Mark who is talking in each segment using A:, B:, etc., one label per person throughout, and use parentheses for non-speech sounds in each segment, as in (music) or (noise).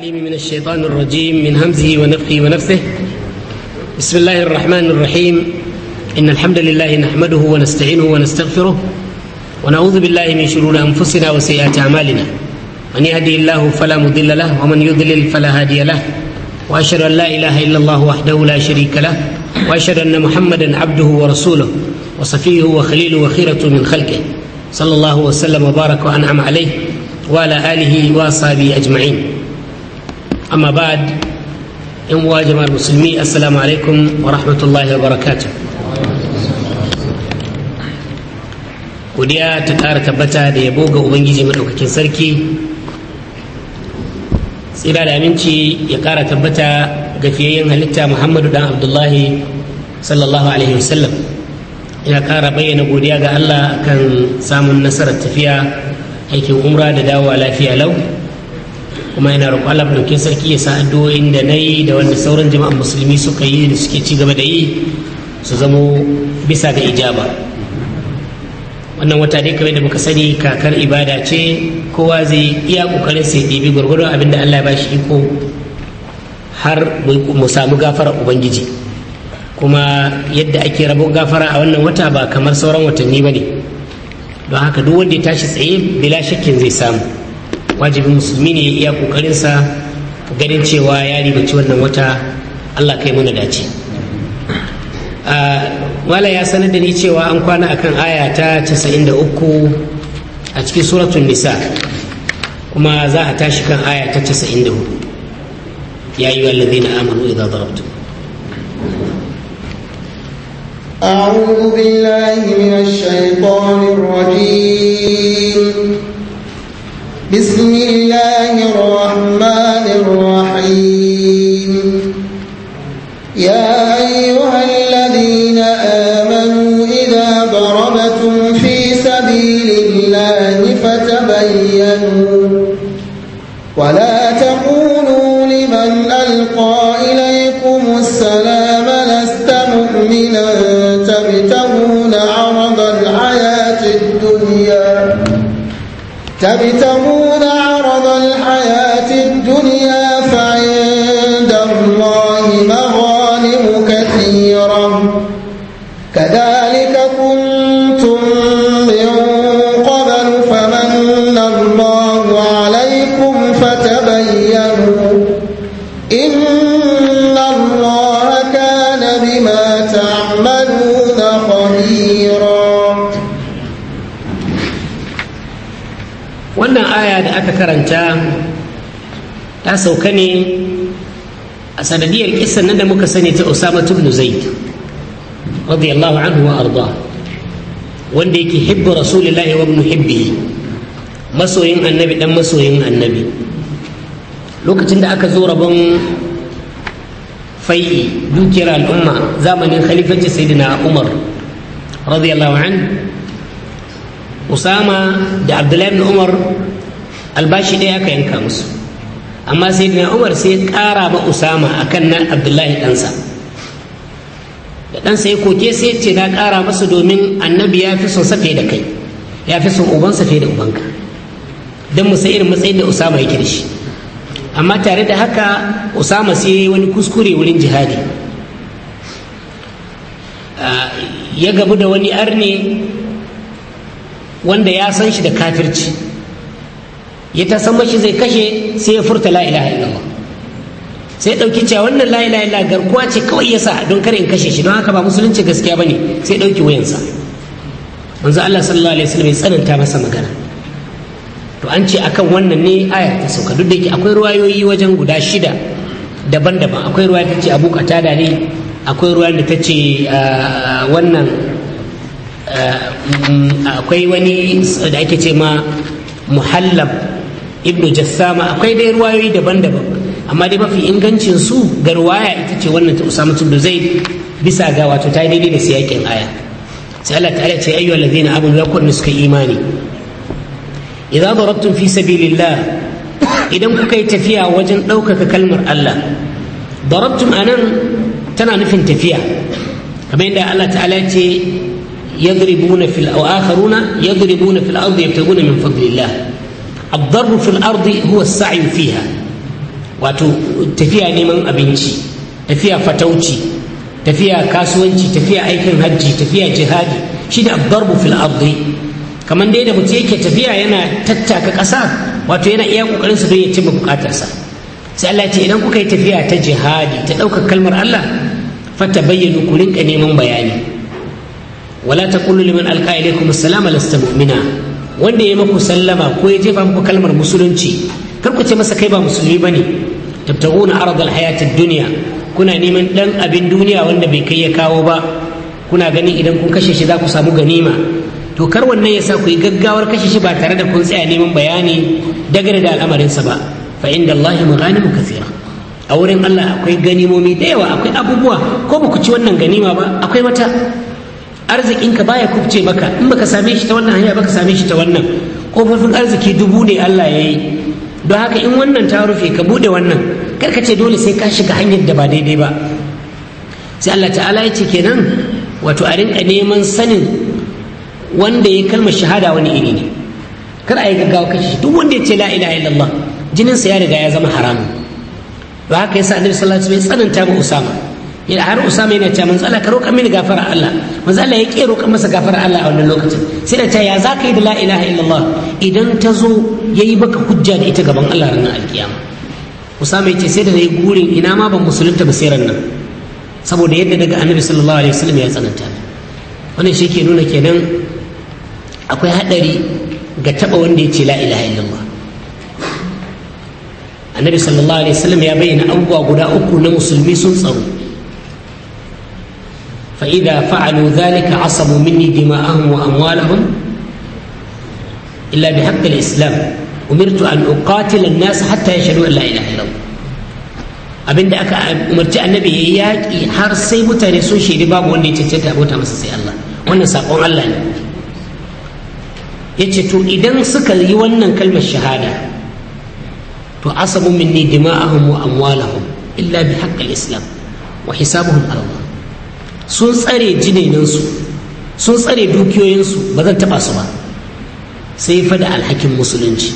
A: العليم من الشيطان الرجيم من همزه ونفخه ونفثه بسم الله الرحمن الرحيم إن الحمد لله نحمده ونستعينه ونستغفره ونعوذ بالله من شرور أنفسنا وسيئات أعمالنا من يهدي الله فلا مضل له ومن يضلل فلا هادي له وأشهد أن لا إله إلا الله وحده لا شريك له وأشهد أن محمدا عبده ورسوله وصفيه وخليله وخيرة من خلقه صلى الله وسلم وبارك وأنعم عليه وعلى آله وأصحابه أجمعين amma ba'ad yan uwa jama'ar musulmi assalamu alaikum wa rahmatullahi wa godiya ta ƙara tabbata da yabo ga ubangiji maɗaukakin sarki tsira da aminci ya ƙara tabbata ga fiyayyen halitta muhammadu dan abdullahi sallallahu alaihi wasallam ya ƙara bayyana godiya ga allah kan samun nasarar tafiya aikin umra da dawowa lafiya lau kuma yana roƙon Allah dokin sarki ya sa addu'o'in da nayi da wanda sauran jama'an musulmi suka yi da suke ci gaba da yi su zamo bisa ga ijaba wannan wata dai kamar da muka sani kakar ibada ce kowa zai iya kokarin sai ɗibi gwargwadon abin da Allah ya bashi iko har mu samu gafara ubangiji kuma yadda ake rabo gafara a wannan wata ba kamar sauran watanni ba ne don haka duk wanda ya tashi tsaye bila shakkin zai samu wajibin musulmi ne ya iya kokarinsa ganin cewa ya ribaci wannan wata allah kai mana dace wala ya sanar da ni cewa an kwana akan aya ta 93 a cikin suratun nisa kuma za a tashi kan aya ta 94 ya yi wallazi na amuru idza darabtu
B: أعوذ بالله من الشيطان الرجيم بسم الله الرحمن الرحيم يا أيها الذين آمنوا إذا ضربتم في سبيل الله فتبينوا ولا تقولوا لمن ألقى فتبينوا إن الله كان
A: بما wannan aya da aka karanta ta sauka ne a sanadiyar kisan nan da muka sani ta Usama ibn Zaid radiyallahu anhu wa arda wanda yake hibbu rasulillahi wa ibn hibbihi annabi dan masoyin annabi lokacin da aka zo rabon fai'i dukiyar al'umma zamanin khalifanci sayyidina umar radiyallahu an usama da abdullahi umar albashi ɗaya aka yanka musu amma sayyidina umar sai ya ƙara ma usama a kan nan abdullahi ɗansa da ɗansa ya koke sai ce na ƙara masa domin annabi ya fi son safe da kai ya fi son ubansa fiye da ubanka don mu sai irin matsayin da usama yake da shi amma tare da haka usama sai ya yi wani kuskure wurin jihadi ah, ya gabu da wani arne wanda ya san shi da kafirci ya ta san mashi zai kashe sai ya furta la haɗin illallah sai ɗauki cewa wannan la ilaha illallah garkuwa ce kawai ya sa don kare in kashe shi don haka ba musulunci gaskiya ba ne sai ɗauki wayansa manzo Allah sallallahu alaihi wasallam ya tsananta masa magana to an ce akan wannan ne aya ta sauka duk da yake akwai ruwayoyi wajen guda shida daban-daban akwai ruwa ta ce abu katada ne akwai ruwa da ta ce ah, wannan ah, mm, akwai wani da ake ce ma muhallam ibnu jassama akwai dai ruwayoyi daban-daban amma dai mafi ingancin su ga ruwaya ita ce wannan ta usama da zai bisa ga wato ta daidai da siyakin aya sai Allah ta'ala ce ayyuwa ladina amanu ya kunna suka imani idza idan kuka yi tafiya wajen ɗaukaka kalmar Allah a nan tana nufin tafiya kamar yadda Allah ta'ala ce yadribuna fil aw akharuna yadribuna fil ardi yabtaguna min fadlillah ad-darr fil ardi wato tafiya neman abinci tafiya fatauci tafiya kasuwanci tafiya aikin hajji tafiya jihadi shi da ad-darb kamar dai da mutum yake tafiya yana tattaka ƙasa wato yana iya ƙoƙarin su don ya cimma buƙatarsa sai Allah ce idan kuka yi tafiya ta jihadi ta ɗaukar kalmar Allah fata bayyana ku rinka neman bayani wala ta kullu liman alqa ilaykum assalama lasta mu'mina wanda ya maku sallama ko ya jefa muku kalmar musulunci kar ku ce masa kai ba musulmi bane tabtaguna arad alhayat duniya, dunya kuna neman dan abin duniya wanda bai kai ya kawo ba kuna ganin idan kun kashe shi za ku samu ganima to kar wannan ya sa ku yi gaggawar kashe shi ba tare da kun tsaya neman bayani dagare da al'amarinsa ba fa inda Allah maghanimu kathira a wurin Allah akwai ganimomi da yawa akwai abubuwa ko ba ku ci wannan ganima ba akwai mata ka baya kubce maka in baka same shi ta wannan hanya baka same shi ta wannan kofofin arziki dubu ne Allah ya yi don haka in wannan ta rufe ka bude wannan kar ka ce dole sai ka shiga hanyar da ba daidai ba sai Allah ta'ala ya ce kenan wato a rinka neman sanin wanda ya kalmar shahada wani iri ne kar a yi gaggawa kashi duk wanda ya ce la ilaha illallah jinin sa ya riga ya zama haramun. ba haka yasa annabi sallallahu alaihi wasallam ya tsananta ma usama ya har usama yana cewa manzo Allah ka roƙa mini gafara Allah manzo Allah ya ke roƙa masa gafara Allah a wannan lokacin sai da ta ya za ka yi da la ilaha illallah idan ta zo yayi baka hujja da ita gaban Allah ranar alkiyama usama ya ce sai da na yi gurin ina ma ban musulunta ba sai nan saboda yadda daga annabi sallallahu alaihi wasallam ya tsananta wannan shi ke nuna kenan akwai haɗari ga taɓa wanda ya ce la ilaha illallah annabi sallallahu alaihi wasallam ya bayyana abubuwa guda uku na musulmi sun tsaro فإذا فعلوا ذلك عصموا مني دماءهم وأموالهم إلا بحق الإسلام أمرت أن أقاتل الناس حتى يشهدوا أن لا إله إلا الله abin da aka umarci annabi ya yi yaƙi har sai mutane sun shaidi babu wanda ya ta abota masa sai Allah wannan saƙon Allah ne ya ce to idan suka yi wannan kalmar shahada to asabu minni dima'ahum wa amwalahum illa bi haqqil islam wa hisabuhum Allah sun tsare jinenansu sun tsare dukiyoyinsu ba zan taba su ba sai fada alhakin musulunci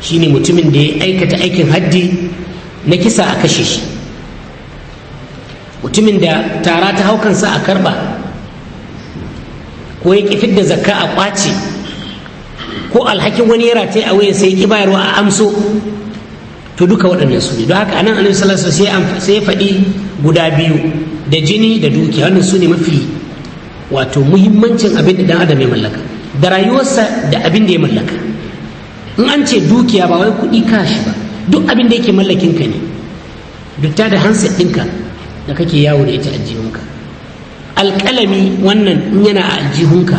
A: shine mutumin da ya aikata aikin haddi na kisa a kashe shi mutumin da tara ta haukansa a karɓa. ko ya ƙi fidda zakka a ƙwace ko alhakin wani yara ta yi a wayan sai ki bayarwa a amso to duka waɗannan su ne don haka anan annabi sallallahu alaihi wasallam sai ya faɗi guda biyu da jini da dukiya wannan su ne mafi wato muhimmancin abin da dan adam ya mallaka da rayuwarsa da abin da ya mallaka in an ce dukiya ba wai kuɗi kashi ba duk abin da yake mallakin ka ne ta da hansa ɗinka da kake yawo da ita jihunka alƙalami wannan in yana a aljihunka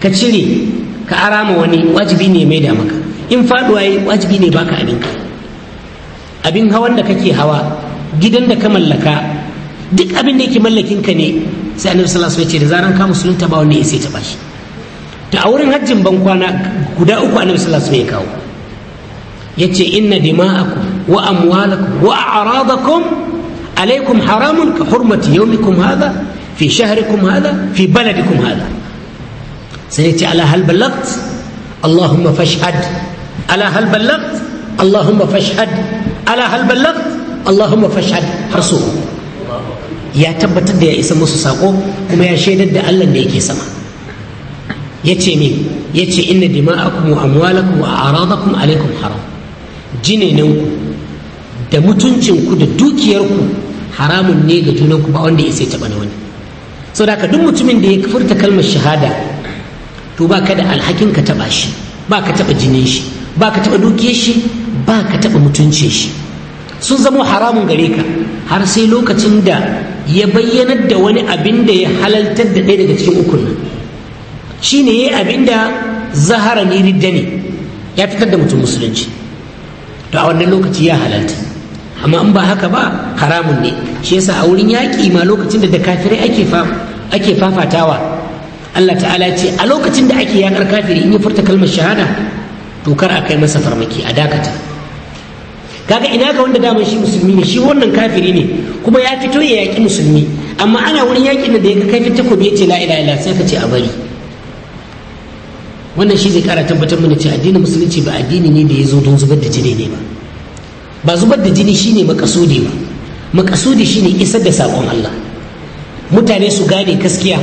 A: ka cire ka arama wani wajibi ne mai da maka in faduwa yi wajibi ne baka ka, abin hawan da kake hawa gidan da ka mallaka duk abin da yake mallakin ka ne sai annabi sallallahu alaihi wasallam ya ce da zaran ka musulunta ba wanda ya sai taba shi to a wurin hajjin ban kwana guda uku annabi sallallahu alaihi wasallam ya kawo yace inna dima'akum wa amwalakum wa a'radakum alaikum haramun ka hurmati yawmikum hadha fi shahrikum hadha fi baladikum hadha سيأتي على هل بلغت اللهم فاشهد على هل بلغت اللهم فاشهد على هل بلغت اللهم fashhad har so ya tabbatar da ya isa musu sako kuma ya shaidar da Allah da yake sama ya ce min ya ce inna dima'akum wa amwalakum wa aradakum alaikum haram Jinenanku da mutuncinku da dukiyarku haramun ne ga junanku ba wanda ya sai taɓa na wani sau da duk mutumin da ya furta kalmar shahada to ba ka da alhakin ka taɓa shi ba ka taɓa jinin shi ba ka taɓa dukiyar shi ba ka taɓa mutuncin shi sun zamo haramun gare ka har sai lokacin da ya bayyanar da wani abin da ya halaltar da ɗaya daga cikin ukun nan shi ne ya abin da zahara ne ridda ne ya fitar da mutum musulunci to a wannan lokaci ya halalta amma in ba haka ba haramun ne shi yasa a wurin yaki ma lokacin da da kafirai ake fafatawa Allah ta'ala ce a lokacin da ake yakar kafiri in ya furta kalmar shahada to kar a kai masa farmaki a dakata kaga ina ga wanda daman shi musulmi ne shi wannan kafiri ne kuma ya fito ya yaki musulmi amma ana wurin yakin da ya ga kaifin takobi ya ce la ilaha sai ka ce a bari wannan shi zai kara tabbatar mana ce addinin musulunci ba addini ne da ya zo don zubar da jini ne ba ba zubar da jini shine makasudi ba makasudi shine isar da sakon Allah mutane su gane gaskiya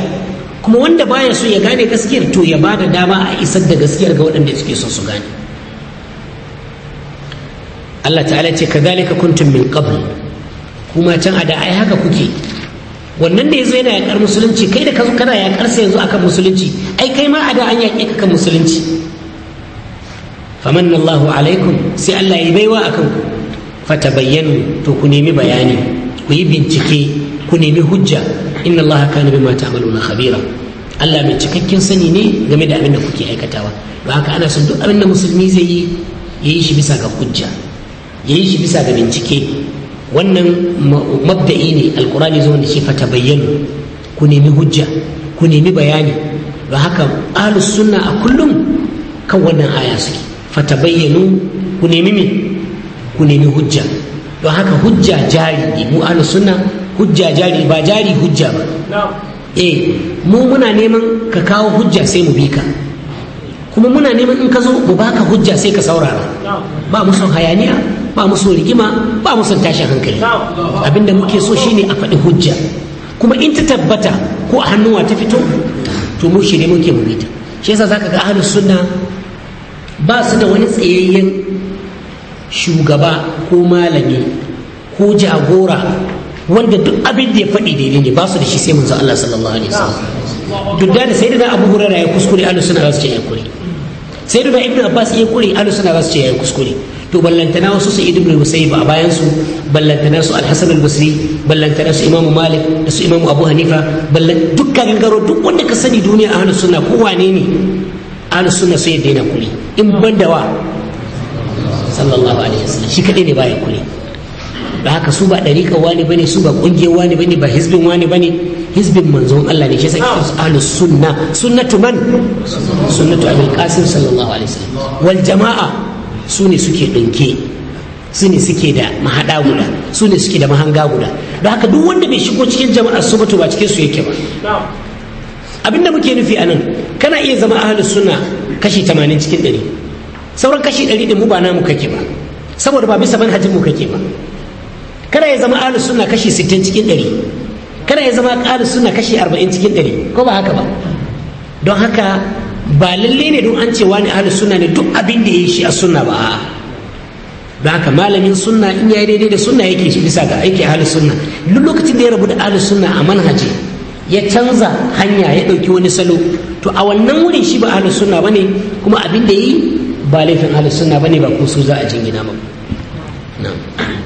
A: kuma wanda baya so ya gane gaskiyar to ya ba da dama a isar da gaskiyar ga waɗanda suke so su gane Allah ta'ala ce ka zalika kuntum min qabl kuma can a da ai haka kuke wannan da yazo yana yakar musulunci kai da kazo kana yakar sai yanzu akan musulunci ai kai ma a da an yaƙe ka kan musulunci famanna Allahu alaikum sai Allah ya baiwa akan ku fatabayyanu to ku nemi bayani ku yi bincike ku nemi hujja inna allaha kana bima ta'maluna khabira Allah mai cikakken sani ne game da abin da kuke aikatawa don haka ana son duk abin da musulmi zai yi ya yi shi bisa ga hujja ya yi shi bisa ga bincike wannan mabda'i ne alkurani zuwa da ke fata bayyano ku nemi hujja ku nemi bayani don haka ahlus sunna a kullum kan wannan aya suke fata bayyano ku nemi me ku nemi hujja don haka hujja jari mu ahlus sunna hujja jari ba jari hujja ba eh mu muna neman ka kawo hujja sai mu bi ka kuma muna neman in ka zo mu baka hujja sai ka saurara ba mu son hayaniya ba mu son rigima ba mu son tashin hankali abinda muke so shine a faɗi hujja kuma in ta tabbata ko a hannuwa ta fito to mu shirye muke mu bita shi yasa zaka ga ahlus sunna ba su da wani tsayayyen shugaba ko malami ko jagora wanda duk abin da ya faɗi daidai ne ba su da shi sai manzo Allah sallallahu alaihi wasallam duk da sai da Abu Hurairah ya kuskure ahlus sunna za su ce ya kure sai da Ibn Abbas ya kuskure ahlus sunna za su ce ya kuskure to ballantana wasu su ibn musayyib a bayan su ballantana su al-hasan al-basri ballantana su imamu malik da su Imam abu hanifa ballan dukkan gangaro duk wanda ka sani duniya ahlus sunna ko wane ne ahlus sunna sai ya daina kuri in banda wa sallallahu alaihi wasallam shi kadai ne baya kuri da haka su ba ɗariƙa wani bane su ba ƙungiyar wani bane ba hizbin wani bane hizbin manzon Allah ne shi yasa kira ahlus sunna sunnatu man sunnatu abul qasim sallallahu alaihi wasallam wal jama'a su ne suke ɗinke su ne suke da mahaɗa guda su ne suke da mahanga guda da haka duk wanda bai shigo cikin jama'ar su ba to ba cikin su yake ba muke nufi anan kana iya zama ahlus sunna kashi 80 cikin 100 sauran kashi 100 din mu ba namu kake ba saboda ba bisa manhajin mu kake ba kada ya zama ahlus sunna kashi 60 cikin 100 kada ya zama ahlus sunna kashi 40 cikin 100 ko ba haka ba don haka ba lalle ne don an ce wani ahlus sunna ne duk abin da yayi shi a sunna ba don haka malamin sunna in ya yi daidai da sunna yake shi bisa ga aiki ahlus sunna duk lokacin da ya rabu da ahlus sunna a manhaji ya canza hanya ya ɗauki wani salo to a wannan wurin shi ba ahlus sunna bane kuma abin da yi ba laifin ahlus sunna bane ba ko su za a jingina ba na'am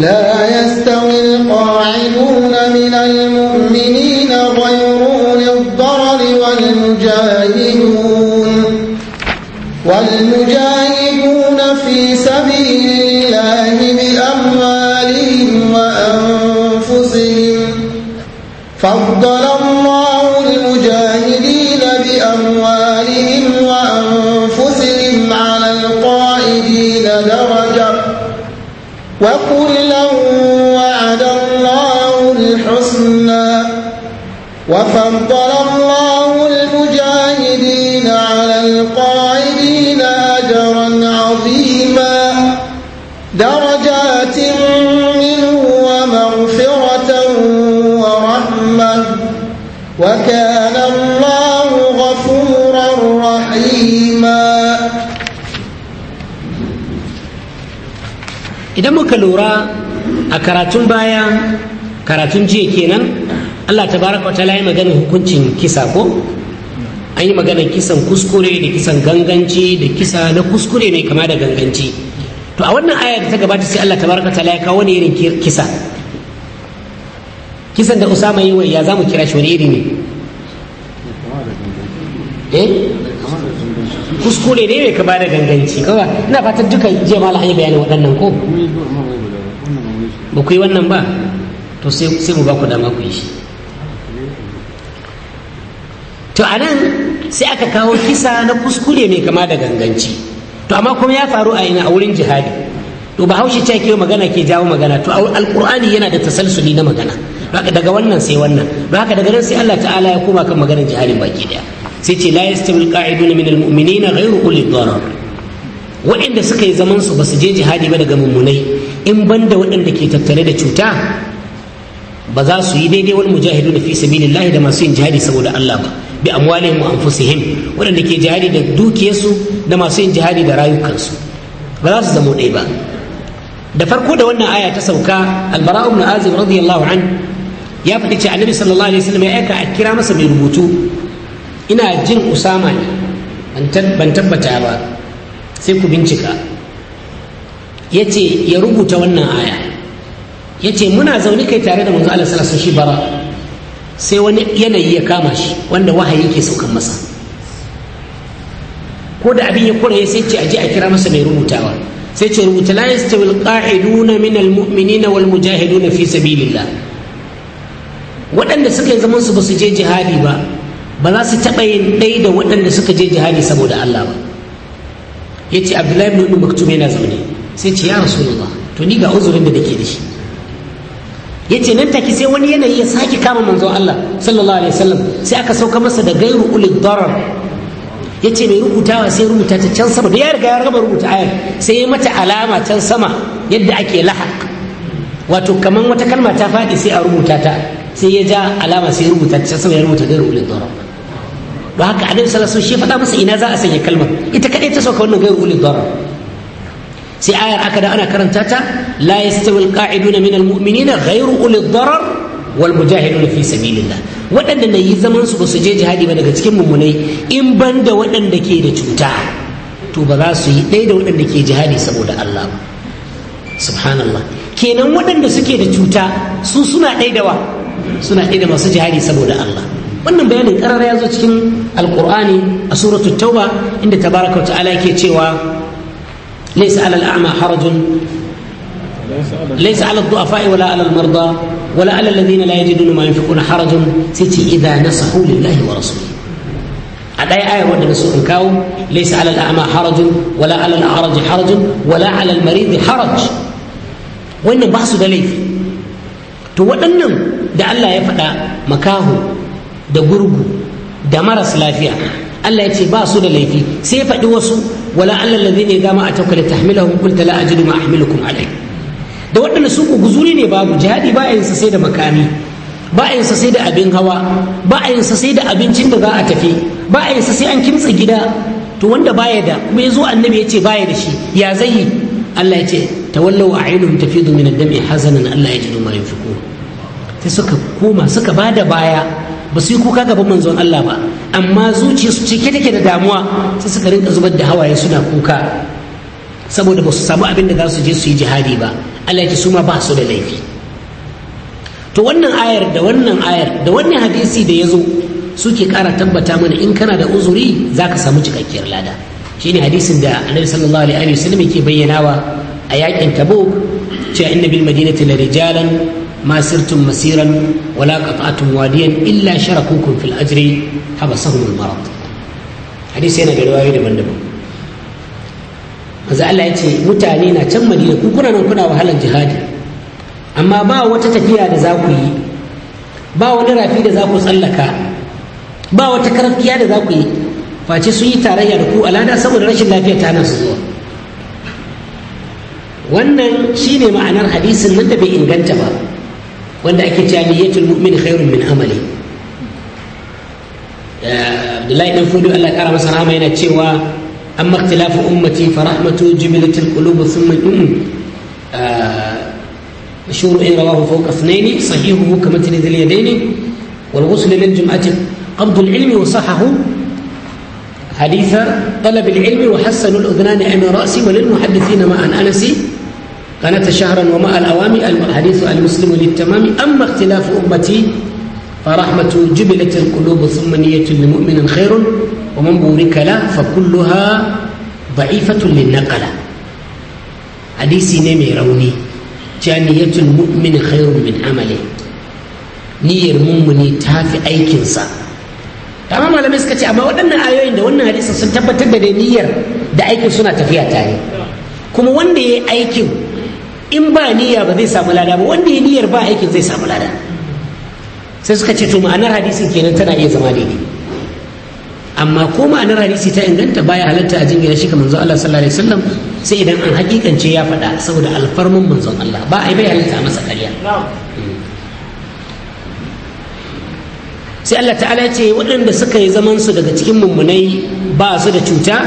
B: لا يستوي القاعدون من المؤمنين غيرون الضرر والمجاهدون والمجاهدون في سبيل الله بأموالهم وأنفسهم فضل الله المجاهدين بأموالهم وأنفسهم على القائدين درجة وقل فضل الله المجاهدين على القاعدين أجرا عظيما درجات منه ومغفرة ورحمة وكان الله
A: غفورا رحيما إذا muka lura a karatun baya karatun jiya kenan Allah tabaraka wa ta'ala yi maganar hukuncin kisa ko an yi maganar kisan kuskure da kisan ganganci da kisa na kuskure mai kama da ganganci to a wannan aya da ta gabata sai Allah tabaraka wa ta'ala ya kawo wani irin kisa kisan da Usama yi wa ya zamu kira shi wani iri ne eh kuskure ne mai kama da ganganci kawai ina fatan duka jiya ma an yi bayanin waɗannan ko ba ku yi wannan ba to sai mu ba ku dama ku yi shi to a nan sai aka kawo kisa na kuskure mai kama da ganganci to amma kuma ya faru a ina a wurin jihadi to ba haushi ta kewa magana ke jawo magana to alkur'ani yana da tasalsuli na magana daga wannan sai wannan don haka daga nan sai Allah ta'ala ya koma kan maganar jihadin baki daya sai ce la yastawi alqa'idun min almu'minina ghayru ulil darar waɗanda suka yi zaman su ba su je jihadi ba daga mummunai in banda waɗanda ke tattare da cuta ba za su yi daidai wal mujahiduna fi sabilillahi da masu yin jihadi saboda Allah ba bi amwalihim wa anfusihim waɗanda ke jihadi da dukiyarsu da masu yin jihadi da rayukansu ba za su zamo ɗaya ba da farko da wannan aya ta sauka albara ibn azib radiyallahu an ya faɗi ce annabi sallallahu alaihi wasallam ya aika a kira masa mai rubutu ina jin usama ne ban tabbata ba sai ku bincika ya ce ya rubuta wannan aya ya ce muna zaune kai tare da manzo Allah sallallahu alaihi wasallam shi bara sai wani yanayi ya kama shi wanda wahayi ke saukan masa ko da abin ya kuraye sai ce aje a kira masa mai rubutawa sai ce rubuta la yastawi alqa'iduna min almu'minina wal mujahiduna fi sabilillah waɗanda suka yi zaman su basu je jihadi ba ba za su taɓa yin ɗai da waɗanda suka je jihadi saboda Allah ba yace Abdullahi ibn umm Maktum yana zaune sai ce ya Rasulullah to ni ga uzurin da nake da shi yace nan take sai wani yanayi ya sake kama manzo Allah sallallahu alaihi wasallam sai aka sauka masa da gairu ulil darar ce mai rubutawa sai rubuta ta can sama da ya riga ya gama rubuta ayar sai ya mata alama can sama yadda ake lahaq wato kaman wata kalma ta faɗi sai a rubuta ta sai ya ja alama sai ya rubuta ta can sama ya rubuta gairu ulil darar don haka annabi sallallahu alaihi wasallam shi faɗa masa ina za a sanya kalmar ita kadai ta sauka wannan gairu ulil darar sai ayar aka da ana karanta ta la yastawi alqa'iduna min almu'minina ghayru uli darar wal mujahiduna fi sabilillah waɗanda na yi zaman su ba su je jihadi ba daga cikin mummunai in ban da waɗanda ke da cuta to ba za su yi ɗaya da waɗanda ke jihadi saboda Allah ba subhanallah kenan waɗanda suke da cuta su suna ɗaya da suna masu jihadi saboda Allah wannan bayanin karara ya zo cikin alkur'ani a suratu tauba inda tabaraka wa ta'ala yake cewa ليس على الأعمى حرج ليس على الضعفاء ولا على المرضى ولا على الذين لا يجدون ما ينفقون حرج سيتي إذا نصحوا لله ورسوله هذا آية ودنا نسوء كاو ليس على الأعمى حرج ولا على الأعرج حرج ولا على المريض حرج وإن بحث دليل to waɗannan da Allah ya faɗa makaho da gurgu da maras lafiya Allah ya ce ba su da laifi sai ya faɗi wasu wala Allah lazi ne dama a takwale ta hamila hukun tala a jidu ma'amilukum alai da waɗanda su ku guzuri ne babu jihadi ba a yinsa sai da makami ba a yinsa sai da abin hawa ba a yinsa sai da abincin da za a tafi ba a yinsa sai an kimtsa gida to wanda baya da kuma ya zo annabi ya ce baya da shi ya zai yi Allah ya ce tawallau a ainihin tafi domin dami hazanan Allah ya jidu ma yafi sai suka koma suka ba da baya ba su yi kuka gaban manzon Allah ba amma zuciyarsu cike take da damuwa sai suka rinka zubar da hawaye suna kuka saboda ba su samu abin da za su je su yi jihadi ba Allah ya su ma ba su da laifi to wannan ayar da wannan ayar da wannan hadisi da ya zo suke ƙara tabbata mana in kana da uzuri za ka samu cikakkiyar lada shine hadisin da annabi sallallahu alaihi wasallam yake bayyanawa a yakin tabuk cewa inna bil madinati la rijalan ما سرتم مسيرا ولا illa واديا إلا شركوكم في الأجر حبسهم المرض yana da برواية daban-daban. manzo Allah ya ce mutane na can Madina ku kuna nan kuna wahalar jihadi amma ba wata tafiya da za ku yi ba wani rafi da za ku tsallaka ba wata karfiya da za ku yi face sun yi tarayya da ku alada saboda rashin lafiya ta nan su zuwa wannan shine ma'anar hadisin nan da bai inganta ba wanda ake cewa niyyatul mu'min khairun min amali Abdullahi dan fudu Allah kara masa rahama yana cewa amma ikhtilafu ummati fa rahmatu jubilatul qulub thumma um مشهور إن رواه فوق اثنين صحيحه كمثل ذي اليدين والغسل للجمعة قبض العلم وصحه حديث طلب العلم وحسن الأذنان عن رأسي وللمحدثين ما عن أنس قناة شهرا ومع الأوامي الحديث المسلم للتمام أما اختلاف أمتي فرحمة جبلت القلوب ثم نية لمؤمن خير ومن بورك له فكلها ضعيفة للنقلة حديثي نمي روني جانية المؤمن خير من عمله niyyar mummuni ta fi aikinsa amma malamai suka ce amma waɗannan ayoyin da wannan hadisin sun tabbatar da niyyar da aikin suna tafiya tare kuma wanda ya yi aikin in ba niyya ba zai samu lada ba wanda ya niyyar ba aikin zai samu lada sai suka ce to ma'anar hadisin kenan tana iya zama daidai amma ko ma'anar hadisi ta inganta baya halatta a jingina shi ka manzo Allah sallallahu alaihi wasallam sai idan an hakikance ya faɗa saboda alfarmin manzo Allah ba ai bai halatta masa ƙarya sai Allah ta'ala ce waɗanda suka yi zaman su daga cikin mummunai ba su da cuta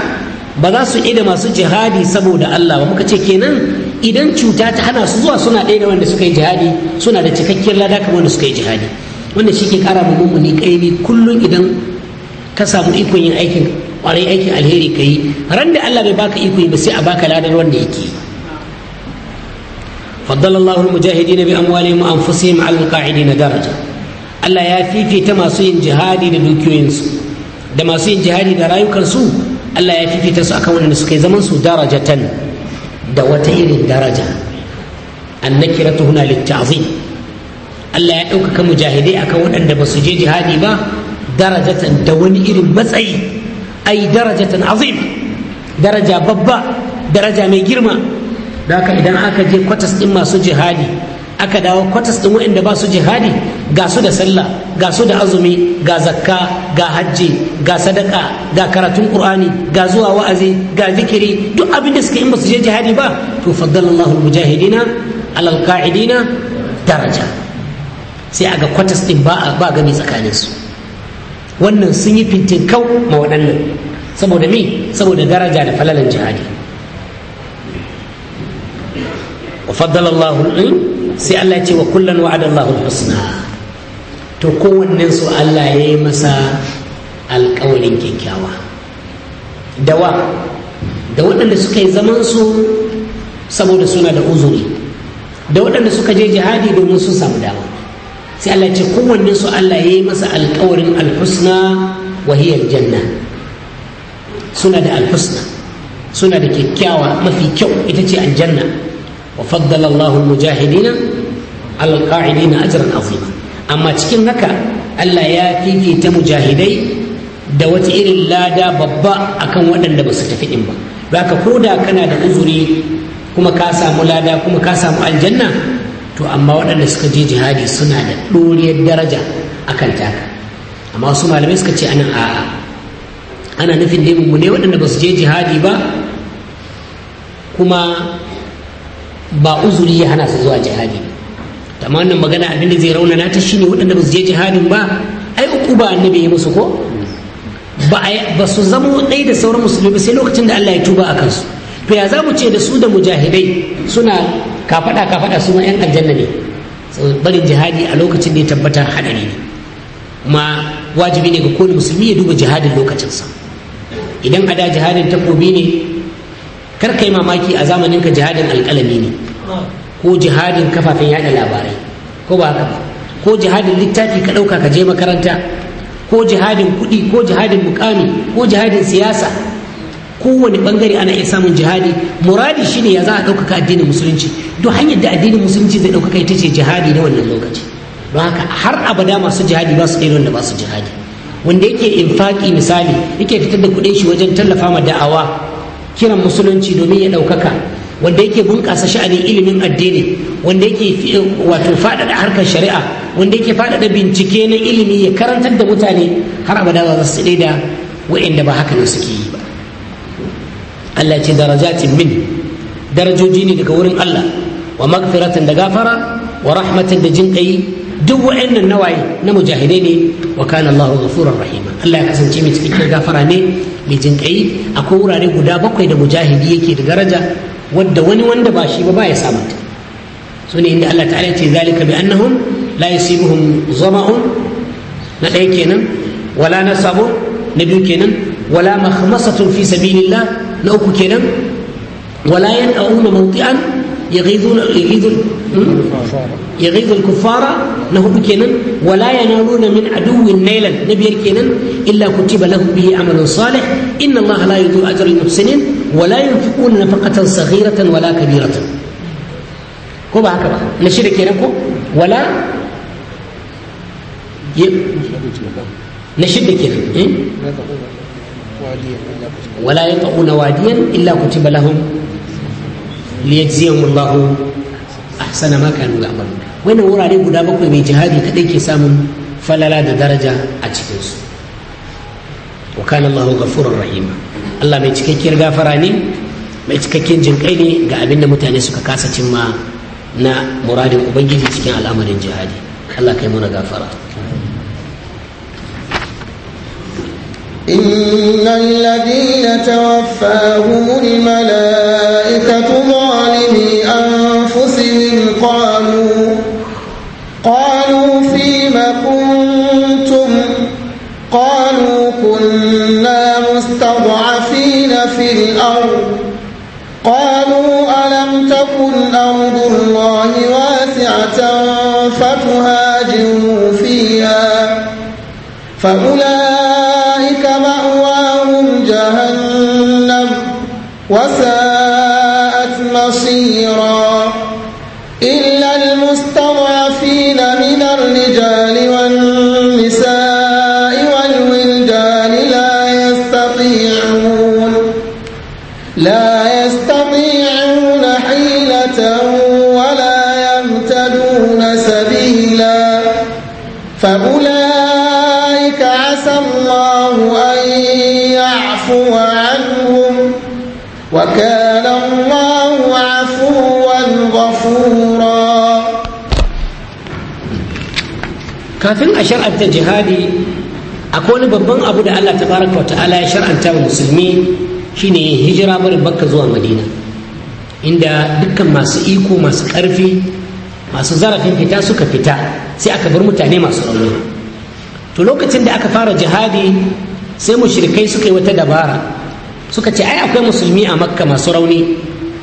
A: ba za su ida masu jihadi saboda Allah ba muka ce kenan idan cuta ta hana su zuwa suna ɗaya da wanda suka yi jihadi suna da cikakkiyar lada kamar wanda suka yi jihadi wanda shi ke ƙara ma mummuni ƙaimi kullum idan ka samu ikon yin aikin ƙwarai aikin alheri ka yi ran da Allah bai baka iko yi ba sai a baka ladar wanda yake faddala Allahu mujahidi na bi amwalihim wa an 'ala al-qa'idin daraja Allah ya fifita masu yin jihadi da dukiyoyinsu da masu yin jihadi da rayukansu Allah ya fifita su akan wanda suka yi zaman su darajatan da wata irin daraja annakiratu huna litta'zim Allah ya ɗaukaka mujahidai akan waɗanda ba su je jihadi ba darajatan da wani irin matsayi ai darajatan azim daraja babba daraja mai girma da haka idan aka je kwatas ɗin masu jihadi aka dawo kwatas ɗin waɗanda ba su jihadi ga su da sallah ga su da azumi ga zakka ga hajji ga sadaka ga karatun qur'ani ga zuwa wa'azi ga zikiri duk abin da suke in ba su je jihadi ba to faddala Allahu mujahidina alal qa'idina daraja sai aga kwatas ɗin ba ba gami tsakanin su wannan sun yi fintinkau ma waɗannan saboda me saboda daraja da falalan jihadi وفضل sai Allah ce wa kullun wa'adallahu husna to kowannen su Allah ya yi masa alƙawarin kyakkyawa dawa da waɗanda suka yi zaman su saboda suna da uzuri da waɗanda suka je jihadi domin sun samu dawa sai Allah ce kowanne su Allah ya yi masa alƙawarin alhusna hiyar janna suna da alhusna suna da kyakkyawa mafi kyau ita ce aljanna وفضل الله المجاهدين على القاعدين اجرا عظيما اما cikin haka Allah ya kikita mujahidai da wata irin lada babba akan waɗanda ba su tafi din ba ba ka koda kana da uzuri kuma ka samu lada kuma ka samu aljanna to amma waɗanda suka je jihadi suna da ɗoriyar daraja akan taka amma wasu malamai suka ce anan a ana nufin ne mu ne waɗanda ba su je jihadi ba kuma ba uzuri ya hana su zuwa jihadi amma wannan magana abin da zai raunana ta shi ne waɗanda ba su je jihadin ba ai uku ba annabi ya musu ko ba su zamo ɗai da sauran musulmi sai lokacin da Allah ya tuba a kansu to ya za mu ce da su da mujahidai suna kafaɗa kafaɗa su ma 'yan aljanna ne barin jihadi a lokacin da ya tabbata haɗari ne kuma wajibi ne ga kowane musulmi ya duba jihadin lokacinsa idan a da jihadin takobi ne kar ka yi mamaki a zamanin ka jihadin alkalami ne ko jihadin kafafen yada labarai ko ba haka ba ko jihadin littafi ka ɗauka ka je makaranta ko jihadin kuɗi ko jihadin mukami ko jihadin siyasa kowane bangare ana iya samun jihadi muradi shine ya za a ɗaukaka addinin musulunci duk hanyar da addinin musulunci zai ɗaukaka ita ce jihadi na wannan lokaci don haka har abada masu jihadi ba su ɗaya wanda ba su jihadi wanda yake infaki misali yake fitar da kuɗin shi wajen tallafa ma da'awa kiran musulunci domin ya ɗaukaka wanda yake bunƙasa sha'anin ilimin addini wanda yake eh, wato faɗaɗa harkar shari'a wanda yake faɗaɗa bincike na ilimi ya karantar da mutane har abada za su da wa'inda ba haka nan suke yi ba Allah ce darajatin min darajoji ne daga wurin Allah wa magfiratan da gafara wa rahmatan da jin duk wa'annan nawaye na mujahidai ne wa kana Allah ghafurur rahima Allah ya kasance mai cikakken gafara ne mai jinkai akwai wurare guda bakwai da mujahidi yake da daraja wadda wani wanda ba shi ba ba ya samu ta su ne inda Allah ta'ala ce zalika bi annahum la yusibuhum zama'un na ɗaya kenan wala nasabu na biyu kenan wala makhmasatun fi sabilillah na uku kenan wala yan'auna mawdi'an yaghiduna yaghiduna يغيظ الكفار له كينن ولا ينالون من عدو نيلا نبي كينن إلا كتب لهم به عمل صالح إن الله لا يضيع أجر المحسنين ولا ينفقون نفقة صغيرة ولا كبيرة كوبا هكذا نشير كينكو ولا ي... نشد كينن إيه؟ ولا يطعون واديا إلا كتب لهم ليجزيهم الله sana ma kanu ya'malu wani wurare guda bakwai mai jihadi kadai ke samun falala da daraja a cikin su wa kana Allahu ghafurur rahima Allah mai cikakkiyar gafara ne mai cikakken jinkai ne ga abin da mutane suka kasa cimma na muradin ubangiji cikin al'amarin jihadi Allah kai muna gafara
B: إن الذين توفاهم الملائكة ظالمي أنفسهم قالوا قالوا فيم كنتم قالوا كنا مستضعفين في الأرض قالوا ألم تكن أرض الله واسعة فتهاجروا فيها فأولئك وكان الله عفوا غفورا
A: كافين أشرعت جهادي أكون ببن أبو دا waTa'ala ya وتعالى شرعا musulmi shine hijira من مكة زوا مدينة inda dukkan masu iko masu ƙarfi masu zarafin fita suka fita sai aka bar mutane masu rauni to lokacin da aka fara jihadi sai mushirikai suka yi wata dabara suka ce ai akwai musulmi a makka masu rauni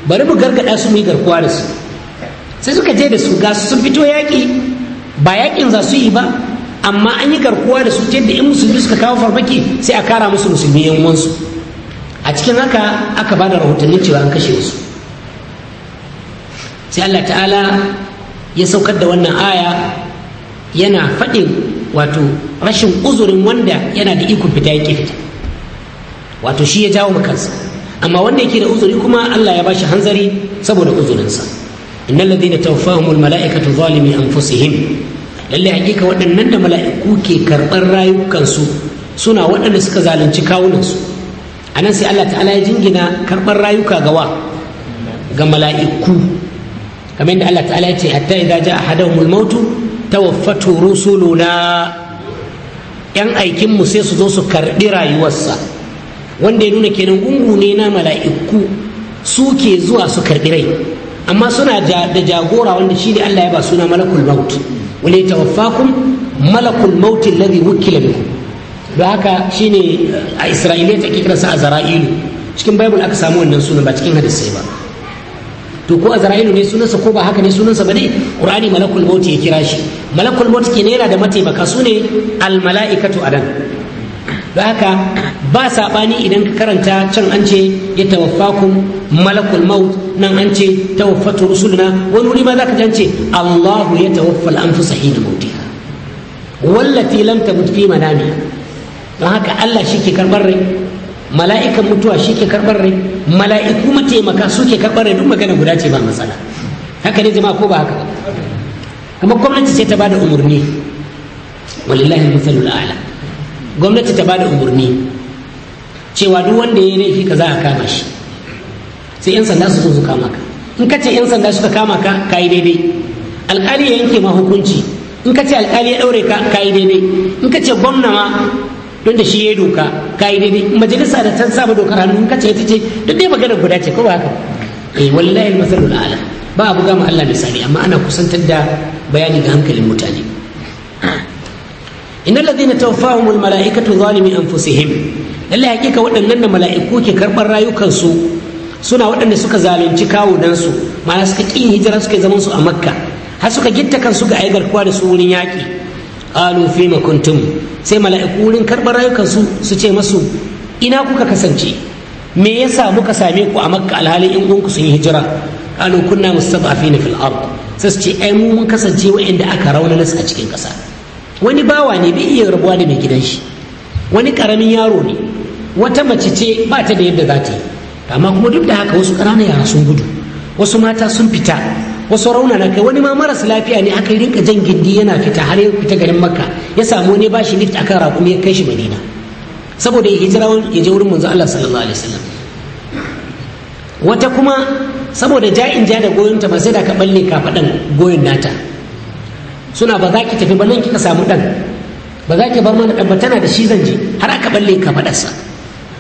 A: bari mu gargada su mu garkuwa da su sai suka je da su ga sun fito yaƙi ba yaƙin za su yi ba amma an yi garkuwa da su yadda in musulmi suka kawo farmaki sai a kara musu musulmi yan uwansu a cikin haka aka ba da rahotannin cewa an kashe su sai allah ta'ala ya saukar da wannan aya yana faɗin wato rashin uzurin wanda yana da ikon fita ya fita wato shi ya jawo ma kansa amma wanda yake da uzuri kuma Allah ya bashi hanzari saboda uzurinsa innal ladina tawaffahumul mala'ikatu zalimi anfusihim lalle hakika waɗannan da mala'iku ke karɓar rayukansu suna waɗanda suka zalunci kawunansu a nan sai Allah ta'ala ya jingina karɓar rayuka gawa ga mala'iku kamar yadda Allah ta'ala ya ce hatta idza ja'a ahaduhumul mautu tawaffatu rusuluna yan aikin mu sai su zo su karɓi rayuwarsa wanda ya nuna kenan ungu ne na mala'iku su ke zuwa su karbi rai amma suna da jagora wanda shi ne Allah ya ba suna malakul maut wale ya kun malakul mautin alladhi wukila biyu da haka shi ne a isra'ilai take kiransa azra'ilu cikin bible aka samu wannan sunan ba cikin hadisi ba to ko azra'ilu ne sunansa ko ba haka ne sunansa ba ne qur'ani malakul maut ya kira shi malakul maut kenan yana da mataimaka sune al mala'ikatu nan. don haka ba saɓani idan ka karanta can an ce ya tawaffakum malakul maut nan an ce tawaffatu rusuluna wani wuri ma za ka ce allahu ya tawaffa al'amfusa hina mautiha wallati lam tamut fi manami don haka allah shi ke karɓar rai mala'ikan mutuwa shi ke karɓar rai mala'iku mataimaka su ke karɓar rai duk magana guda ce ba matsala haka ne jama'a ko ba haka ba kuma gwamnati ce ta ba da umarni walillahi masalul a'la gwamnati ta bada umarni cewa duk wanda ya yi laifi ka za a kama shi sai 'yan sanda su zo su kama ka in ka ce 'yan sanda suka kama ka ka daidai alkali ya yanke ma hukunci in ka ce alkali ya daure ka ka daidai in ka ce gwamna ma don da shi ya doka ka daidai majalisa da ta saba dokar hannu in ka ce ta ce duk dai maganar guda ce ko ba haka eh wallahi almasalul ala ba abu buga Allah misali amma ana kusantar da bayani ga hankalin mutane innal ladhina tawaffahumul mala'ikatu zalimi anfusihim lalle hakika waɗannan da mala'iku ke karɓar rayukansu suna waɗanda suka zalunci su ma'ana suka ƙin hijira suka zaman su a makka har suka gitta kansu ga aigar kuwa da su wurin yaƙi alu fi kuntum sai mala'iku wurin karɓar rayukansu su ce masu ina kuka kasance me yasa muka same ku a makka alhali in uwanku sun yi hijira alu kunna mustad'afina fil ard sai su ce ai mu mun kasance wa'anda aka raunana su a cikin ƙasa wani bawa ne bai iya rabuwa da mai gidan shi wani karamin yaro ne wata mace ce ba ta da yadda za ta yi amma kuma duk da haka wasu ƙananan yara sun gudu wasu mata sun fita wasu rauna na kai wani ma maras lafiya ne aka rinka jan gindi yana fita har yau fita garin makka ya samu wani bashi lift akan rakumi ya kai shi madina saboda ya hijira ya je wurin manzo Allah sallallahu alaihi wasallam wata kuma saboda ja'in ja da goyon ta ba sai da ka balle ka faɗan goyon nata suna ba za ki tafi ba nan kika samu ɗan ba za ki bar mana ɗan ba tana da shi zan je har aka balle ka faɗarsa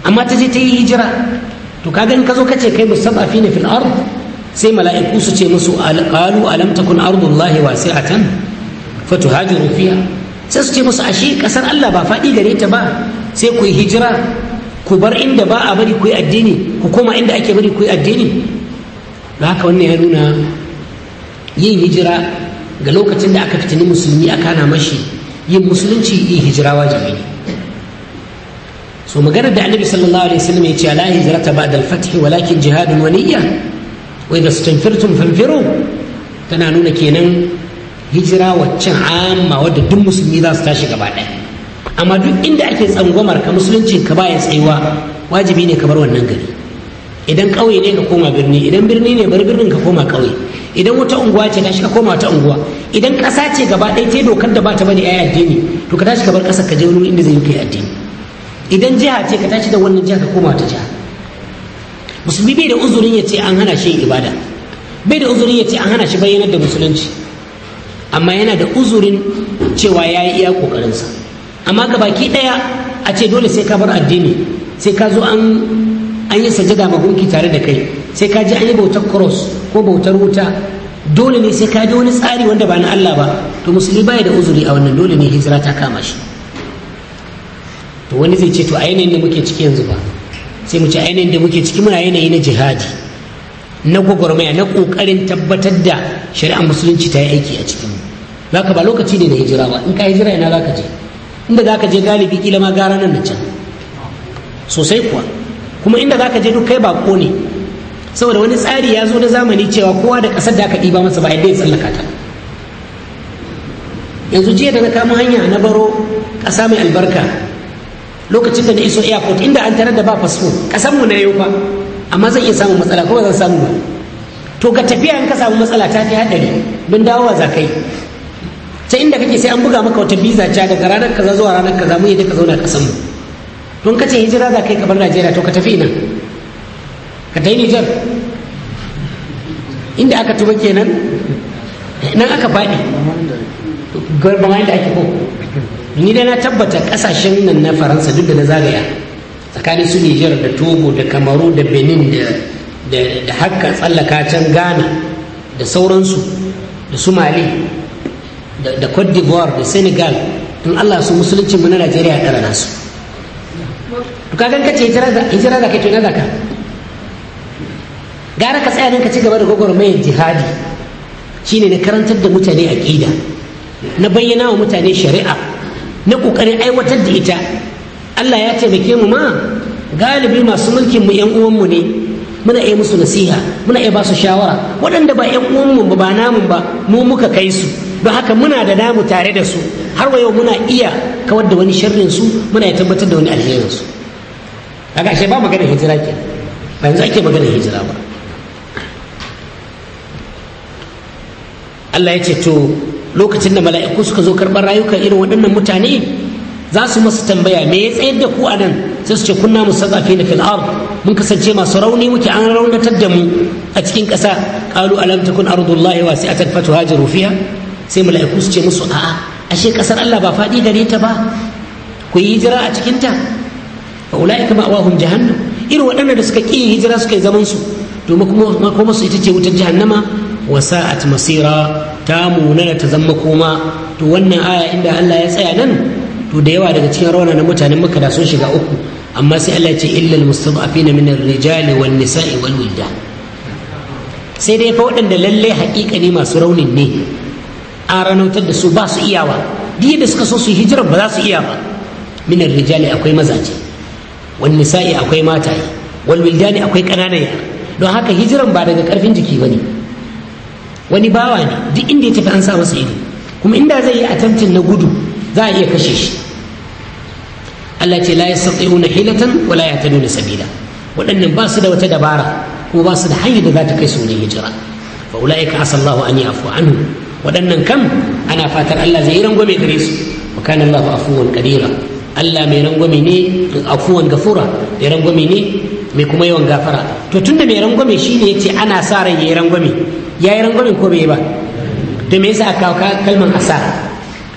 A: amma ta je ta yi hijira to ka gani ka zo ka ce kai musabafi ne fil ard sai mala'iku su ce musu qalu alam takun ardullahi wasi'atan fatuhajiru fiha sai su ce musu ashe kasar Allah ba faɗi gare ta ba sai ku yi hijira ku bar inda ba a bari ku yi addini ku koma inda ake bari ku yi addini da haka wannan ya nuna yin hijira ga lokacin da aka fitini musulmi aka hana mashi yin musulunci yin hijirawa wajibi ne so maganar da annabi sallallahu alaihi wasallam ya ce la hijrata ba'da al-fath walakin jihadun wa niyya wa idza istanfirtum fanfiru tana nuna kenan hijira waccan amma wadda duk musulmi za su tashi gaba amma duk inda ake tsangwamar ka musuluncin ka baya tsayuwa wajibi ne ka bar wannan gari idan ƙauye ne ka koma birni idan birni ne bar birnin ka koma ƙauye idan wata unguwa ce tashi ka koma wata unguwa idan ƙasa ce gaba ɗaya ta dokar da ba ta bane ayi addini to ka tashi ka bar ƙasa ka je wani inda zai yi addini idan jiha ce ka tashi da wannan jiha ka koma wata jiha musulmi bai da uzurin ya ce an hana shi ibada bai da uzurin ya ce an hana shi bayyanar da musulunci amma yana da uzurin cewa ya yi iya kokarinsa amma ga baki ɗaya a ce dole sai ka bar addini sai ka zo an yi sajada gunki tare da kai sai ka ji an yi bautar cross ko bautar wuta dole ne sai ka ji wani tsari wanda ba na Allah ba to musulmi baya da uzuri a wannan dole ne hijira ta kama shi to wani zai ce to a yanayin da muke ciki yanzu ba sai mu ce a yanayin da muke ciki muna yanayi na jihadi na gwagwarmaya na kokarin tabbatar da shari'ar musulunci ta yi aiki a cikin ka ba lokaci ne na hijira ba in ka hijira ina ka je inda za ka je galibi kila ma gara nan da can sosai kuwa kuma inda za ka je duk kai bako ne saboda wani tsari ya zo na zamani cewa kowa da ƙasar da aka ɗiba masa ba yadda ya tsallaka ta yanzu jiya da na kama hanya na baro ƙasa mai albarka lokacin da na iso airport inda an tarar da ba fasfo ƙasanmu na yau fa amma zan iya samun matsala ko ba zan samu ba to ga tafiya in ka samu matsala ta fi haɗari don dawowa za kai ta inda kake sai an buga maka wata biza ca daga ranar kaza zuwa ranar kaza mu yadda ka zauna ƙasanmu don ka ce hijira za kai kamar najeriya to ka tafi nan ka ta yi nijar inda aka tuba kenan nan aka faɗi garban da ake ko ni dai na tabbata kasashen nan na faransa duk da na zagaya tsakanin su nijar da togo da kamaru da benin da haka tsallaka can ghana da sauransu da mali da cote d'ivoire da senegal in allah su musulunci mu na najeriya ya nasu to kagan kace hijira da kai na zaka gara ka tsaya ka ci gaba da gwagwarmayar jihadi shine na karantar da mutane a aƙida na bayyana wa mutane shari'a na ƙoƙarin aiwatar da ita allah ya taimake mu ma galibi masu mulkin mu 'yan uwanmu ne muna iya musu nasiha muna iya ba su shawara waɗanda ba 'yan uwanmu ba namun ba mu muka kai su don haka muna da namu tare da su har wa yau muna iya kawar da wani sharrin su muna iya tabbatar da wani alherin su a gashe ba magana hijira ke ba yanzu ake maganar hijira ba Allah ya ce to lokacin da mala'iku suka zo karɓar rayuka irin waɗannan mutane za su masu tambaya me ya tsayar da ku a nan sai su ce kunna mustadafi na fil ard mun kasance masu rauni muke an raunatar da mu a cikin ƙasa qalu alam takun ardullahi wasi'atan fatuhajiru fiha sai mala'iku su ce musu a'a ashe ƙasar Allah ba faɗi gare ta ba ku yi hijira a cikin ta kama ulaika ma'wahum jahannu. irin waɗannan da suka ƙi hijira suka yi zaman su to kuma su ita ce wutar jahannama wa sa'at masira ta munana ta zama koma to wannan aya inda Allah ya tsaya nan to da yawa daga cikin rawana na mutanen maka da sun shiga uku amma sai Allah ya ce illa almustad'afina min ar-rijali wan nisa'i wal wildan sai dai fa waɗanda lalle haƙiƙa ne masu raunin ne an ranautar da su ba su iyawa duk da suka so su yi hijirar ba za su iya ba min ar-rijali akwai mazaje wan nisa'i akwai mataye wal wildani akwai ƙananan yara don haka hijiran ba daga ƙarfin jiki ba ne wani bawa ne duk inda ya tafi an sa masa ido kuma inda zai yi atamtin na gudu za a iya kashe shi Allah ce la yastati'una hilatan wa la nuna sabila waɗannan ba su da wata dabara ko ba su da hanyar da za ta kai su wajen hijira fa ulaika asallahu an yafu anhu waɗannan kam ana fatar Allah zai yi rangwame gare su wa kana Allahu afuwan qadira Allah mai rangwame ne afuwan gafura mai rangwame ne mai kuma yawan gafara to tunda mai rangwame shine yace ana sa ran yayi rangwame ya yi rangwamen ko bai ba to me yasa aka kawo kalmar asa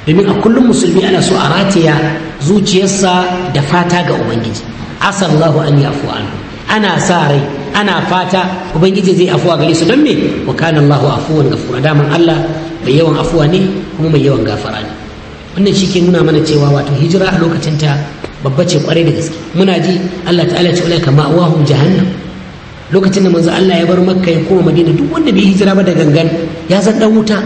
A: domin a kullum musulmi ana so a rataya zuciyarsa da fata ga ubangiji asallahu an yafu anhu ana sa rai ana fata ubangiji zai afuwa gare su don me wa kana allahu afuwan gafura daman allah mai yawan afuwa ne kuma mai yawan gafara ne wannan shi ke nuna mana cewa wato hijira a lokacin ta babba ce kwarai da gaske muna ji allah ta'ala ce ulai kama awahum jahannam lokacin da manzo Allah ya bar makka ya koma madina duk wanda bai hijira ba da gangan ya san dan wuta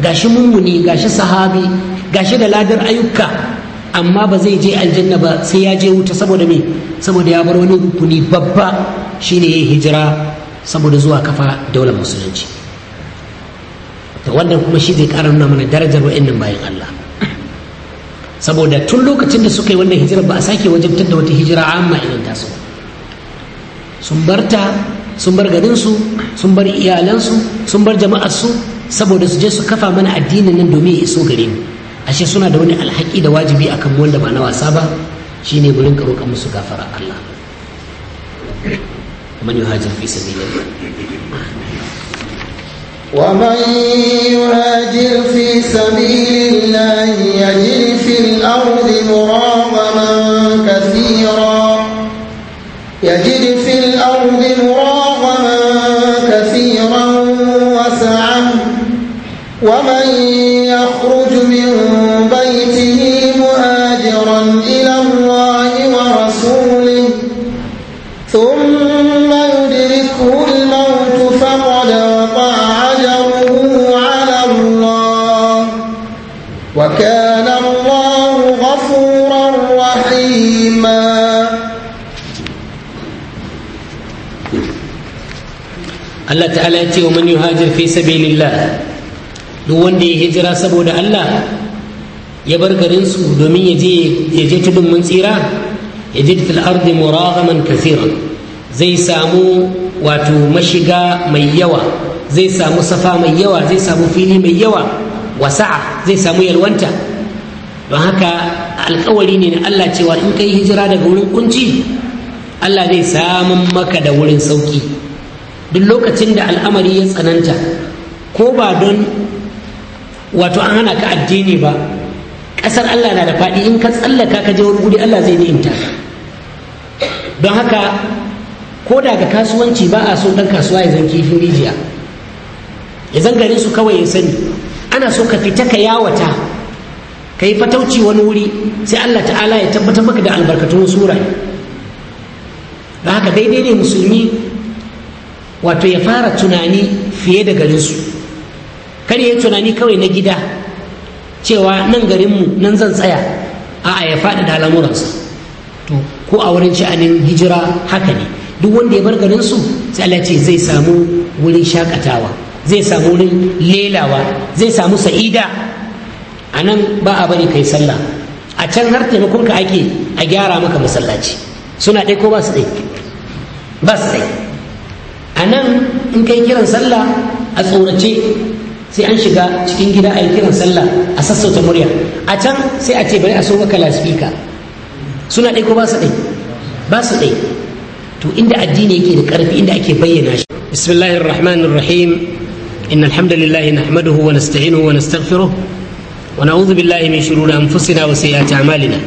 A: gashi mummuni gashi sahabi gashi da ladar ayyuka amma ba zai je aljanna ba sai ya je wuta saboda me saboda ya bar wani rukuni babba shine ya hijira saboda zuwa kafa daular musulunci to wannan kuma shi zai ƙara nuna mana darajar wa'annan bayan Allah saboda tun lokacin da suka yi wannan hijira ba a sake wajabtar da wata hijira amma irin tasu ba sun barta sun bar garinsu sun bar iyalansu sun bar jama'arsu saboda su je su kafa mana addinin nan domin ya iso gare mu ashe suna da wani alhaki da wajibi akan wanda ba na wasa ba shine gurin rinka roƙa musu gafara Allah man yuhajir fi sabilillah
B: ومن يهاجر في سبيل الله يجد في الأرض مراغما كثيرا
A: Allah ta'ala ya ce wa man yuhajir fi sabilillah duk wanda ya hijira saboda Allah ya bar garin su domin ya je ya je tudun mun tsira ya je fil ardi muraghaman kathira zai samu wato mashiga mai yawa zai samu safa mai yawa zai samu fili mai yawa wasa'a zai samu yalwanta don haka alkawari ne na Allah cewa in kai hijira daga wurin kunci Allah zai samun maka da wurin sauki duk lokacin da al'amari ya tsananta ko ba don wato an hana ka addini ba ƙasar allah na da faɗi in ka tsallaka ka je wani guri allah zai ni'imta don haka ko da ga kasuwanci ba a so ɗan kasuwa ya zan kifin rijiya ya zan garin su kawai ya sani ana so ka fita ka yawata ka yi fatauci wani wuri sai allah ta'ala ya tabbatar maka da albarkatun sura don haka daidai ne musulmi wato ya fara tunani fiye da garinsu kar ya tunani kawai na gida cewa nan garinmu nan zan tsaya a'a ya faɗi da lamuransa to ko a wurin sha'anin hijira haka ne duk wanda ya bar garinsu sai Allah ce zai samu wurin shakatawa zai samu wurin lelawa zai samu sa'ida a nan ba a bari kai sallah a can har taimakonka ake a gyara maka masallaci suna ɗai ko ba su ɗai ba su ɗai a nan in yi kiran sallah a tsorace sai an shiga cikin gida a yi kiran sallah a sassauta murya a can sai a ce bari a so maka suna ɗai ko ba su ɗai ba su ɗai to inda addini yake da ƙarfi inda ake bayyana shi bismillahir rahmanir rahim inna alhamdulillah nahmaduhu wa nasta'inuhu wa nastaghfiruh wa na'udhu billahi min shururi anfusina wa sayyiati a'malina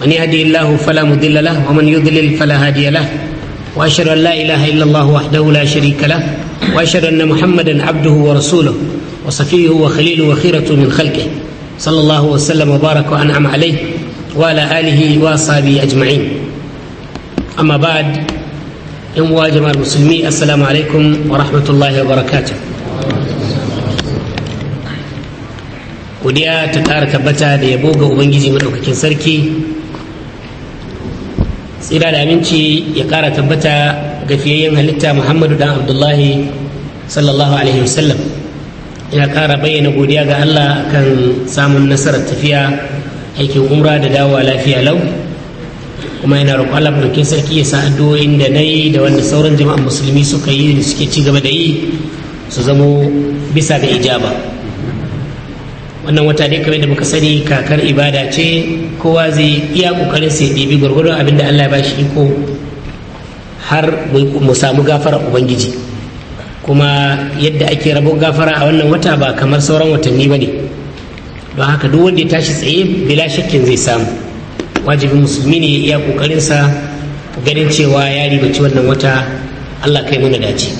A: man yahdihillahu fala mudilla lahu wa man yudlil fala hadiya واشهد ان لا اله الا الله وحده لا شريك له واشهد ان محمدا عبده ورسوله وصفيه وخليله وخيرته من خلقه صلى الله وسلم وبارك وانعم عليه وعلى اله واصحابه اجمعين اما بعد ان جماعه المسلمين السلام عليكم ورحمه الله وبركاته godiya ta ƙara tabbata da yabo ga ubangiji madaukakin sarki tsira da aminci ya kara tabbata ga fiyayyen halitta muhammadu dan abdullahi sallallahu alaihi wasallam ya kara bayyana godiya ga allah kan samun nasarar tafiya aikin umra da dawowa lafiya lau kuma yana roƙo Allah madaukin sarki ya sa addu'o'in da yi da wanda sauran jama'an musulmi suka yi da suke ci gaba da yi su zamo bisa ga ijaba wannan wata dai kamar da muka sani kakar ibada ce kowa zai iya kokarin sai ɗibi gwargwadon abin da Allah ya bashi iko har mu samu gafara ubangiji kuma yadda ake rabo gafara a wannan wata ba kamar sauran watanni ba ne don haka duk wanda ya tashi tsaye bila shakkin zai samu wajibin musulmi ne ya iya kokarinsa ganin cewa ya ribaci wannan wata Allah kai mana dace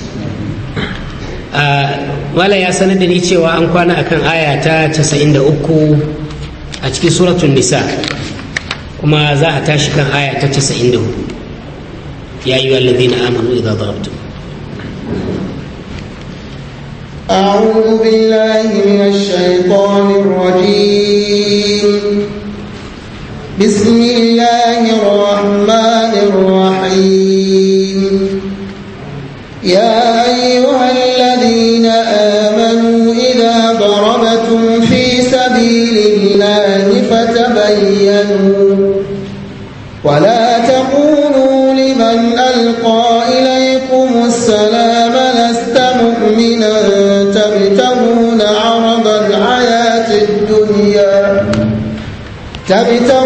A: ah, wala ya sanar da ni cewa an kwana akan aya ta 93 a cikin suratun nisa kuma za a tashi kan aya ta 94 ya yi wa wallazi na amanu idza darabtum
B: أعوذ بالله من الشيطان الرجيم بسم الله الرحمن الرحيم ولا تقولوا لمن ألقى إليكم السلام لست مؤمنا تبتغون عرض الحياة الدنيا تبتغون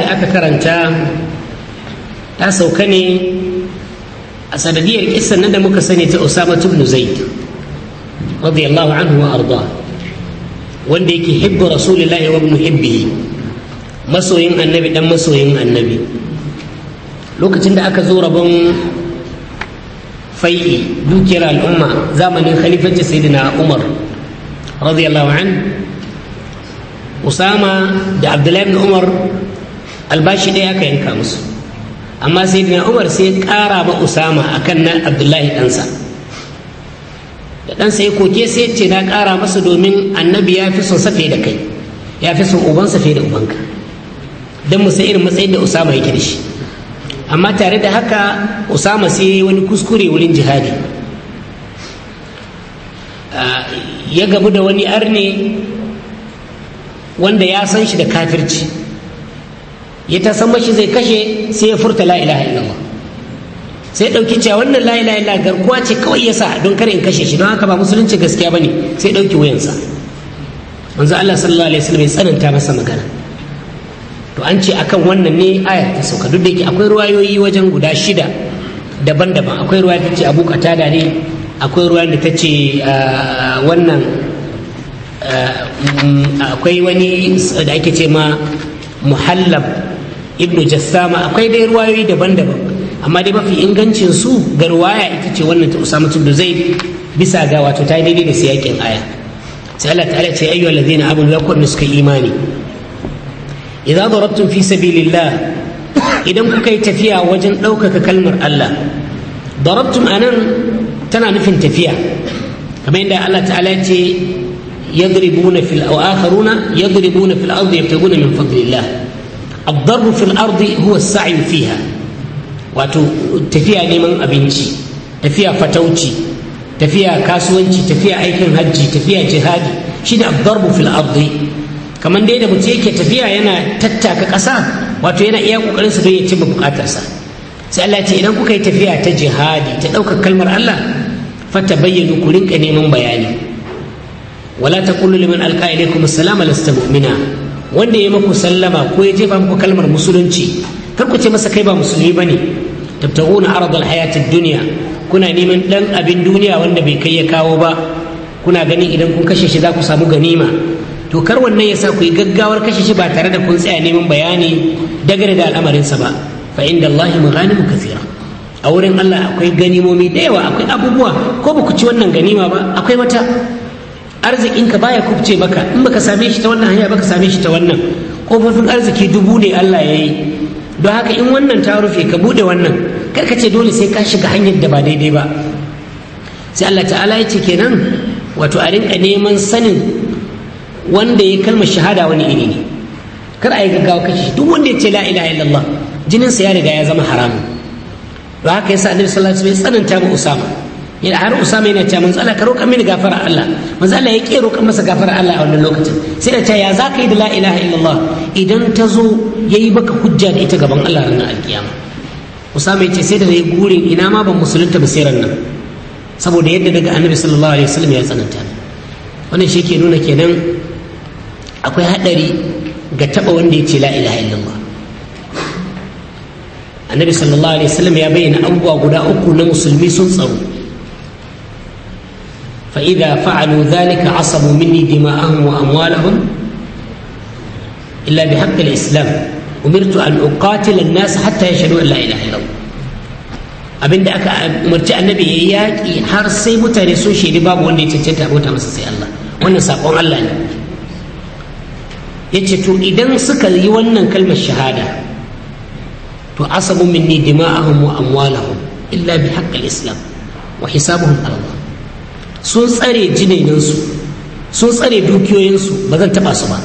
A: da aka karanta ta sauka ne a sanadiyar kisan nan da muka sani ta Usama ibn Zaid radiyallahu anhu wa arda wanda yake hibbu rasulillahi wa ibn hibbihi masoyin annabi dan masoyin annabi lokacin da aka zo rabon fai'i dukiyar al'umma zamanin khalifanci sayyidina Umar radiyallahu anhu Usama da Abdullahi ibn Umar albashi ɗaya aka yanka musu amma sai dina umar sai ya ƙara ma usama a kan na abdullahi ɗansa da ɗansa ya koke sai ce na ƙara masa domin annabi ya fi son safe da kai ya fi son ubansa safe da ubanka don mu irin matsayin da usama yake da shi amma tare da haka usama sai wani kuskure wurin jihadi ya gabu da wani arne wanda ya san shi da kafirci ya ta san mashi zai kashe sai ya furta la ilaha illallah sai ɗauki cewa wannan la ilaha illallah garkuwa ce kawai yasa sa don kare in kashe shi don haka ba musulunci gaskiya bane sai ɗauki wayansa. manzo Allah sallallahu alaihi wasallam ya tsananta masa magana to an ce akan wannan ne ayar ta sauka duk da yake akwai ruwayoyi wajen guda shida daban-daban akwai ruwa ta ce abu Qatada ne akwai ruwaya da ta ce ah, wannan ah, mm, akwai wani da ake ce ma muhallab ibnu jassama akwai dai ruwayoyi daban-daban amma dai mafi ingancin su ga ruwaya ita ce wannan ta usama da zai bisa ga wato ta daidai da siyakin aya sai Allah ta'ala ce ayyuhal ladina amanu yakun suka imani idza darabtum fi sabilillah idan kuka yi tafiya wajen ɗaukaka kalmar Allah darabtum anan tana nufin tafiya kamar yadda Allah ta'ala ce yadribuna fil aw akharuna yadribuna fil ardi yabtaguna min fadlillah الضر في الأرض هو السعي فيها wato tafiya neman abinci tafiya fatauci tafiya kasuwanci tafiya aikin hajji tafiya jihadi shine ad-darbu fil ardi kamar dai da mutum yake tafiya yana tattaka ƙasa wato yana iya kokarin su don ya cimma bukatarsa sai Allah ce idan kuka yi tafiya ta jihadi ta ɗaukar kalmar Allah fata bayyana ku rinka neman bayani wala taqulu liman alqa ilaykum assalama lasta mu'mina wanda ya maku sallama ko ya jefa muku kalmar musulunci kar ku ce masa kai ba musulmi bane tabtaguna aradal hayatid dunya kuna neman dan abin duniya wanda bai kai ya kawo ba kuna ganin idan kun kashe shi za ku samu ganima to kar wannan ya sa ku yi gaggawar kashe shi ba tare da kun tsaya neman bayani dagare da al'amarinsa ba fa inda Allah maghanimu kathira a wurin Allah akwai ganimomi da yawa akwai abubuwa ko ba ku ci wannan ganima ba akwai wata arzikinka baya kubce maka in baka same shi ta wannan hanya baka same shi ta wannan kofofin arziki dubu ne Allah ya yi don haka in wannan ta rufe ka bude wannan kar ka ce dole sai ka shiga hanyar da ba daidai ba sai Allah ta'ala ya ce kenan wato a rinka neman sanin wanda ya kalma shahada wani iri ne kar a yi gaggawa kashi duk wanda ya ce la ilaha illallah jininsa ya riga ya zama haramun don haka yasa annabi sallallahu alaihi wasallam ya tsananta ma usama yana har usama yana cewa manzo ka roƙa mini gafara Allah manzo ya ke roƙa masa gafara Allah a wannan lokacin sai da ta ya za ka yi da la ilaha illallah idan ta zo ya yi baka hujja da ita gaban Allah ranar alkiyama usama ya ce sai da yi gure ina ma ban musulunta ba sai nan saboda yadda daga annabi sallallahu alaihi wasallam ya tsananta wannan shi ke nuna kenan akwai haɗari ga taɓa wanda ya ce la a illallah annabi sallallahu alaihi wasallam ya bayyana abubuwa guda uku na musulmi sun tsaro فإذا فعلوا ذلك عصموا مني دماءهم وأموالهم إلا بحق الإسلام أمرت أن أقاتل الناس حتى يشهدوا أن لا إله إلا الله abin da aka umarci annabi ya yaƙi har sai mutane sun shaidi babu wanda ya cancanta abota masa sai Allah wannan saƙon Allah ne ya ce to idan suka yi wannan kalmar shahada to asabu minni dima'ahum wa amwalahum illa bi haqqil islam wa hisabuhum Allah sun tsare jinininsu sun tsare dukiyoyinsu ba zan taɓa su ba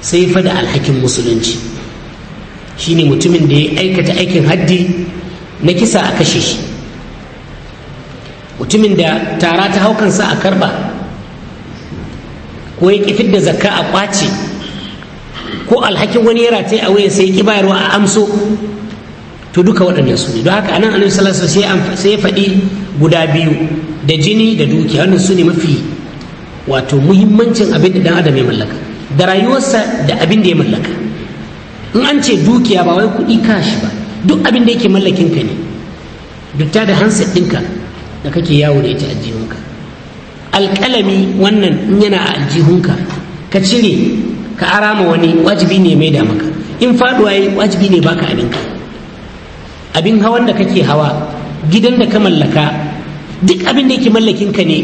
A: sai fada alhakin musulunci shine mutumin da ya aikata aikin haddi na kisa a kashe shi mutumin da tara ta haukansa a karba ko ya ƙi da zakka a ƙwace ko alhakin wani yara ta yi a wayan sai ya ƙi bayarwa a amso to duka waɗannan su ne don haka anan annabi sallallahu alaihi sai ya faɗi guda biyu da jini da dukiya wannan su ne mafi wato muhimmancin abin da dan adam ya mallaka da rayuwarsa da abin da ya mallaka in an ce dukiya ba wai kuɗi kashi ba duk abin da yake mallakin ka ne dukta da hansa ɗinka da kake yawo da ita aljihunka alƙalami wannan in yana a aljihunka ka cire ka arama wani wajibi ne mai da maka in faɗuwa yi wajibi ne baka abinka abin hawan da kake hawa gidan da ka mallaka duk abin da yake mallakin ka ne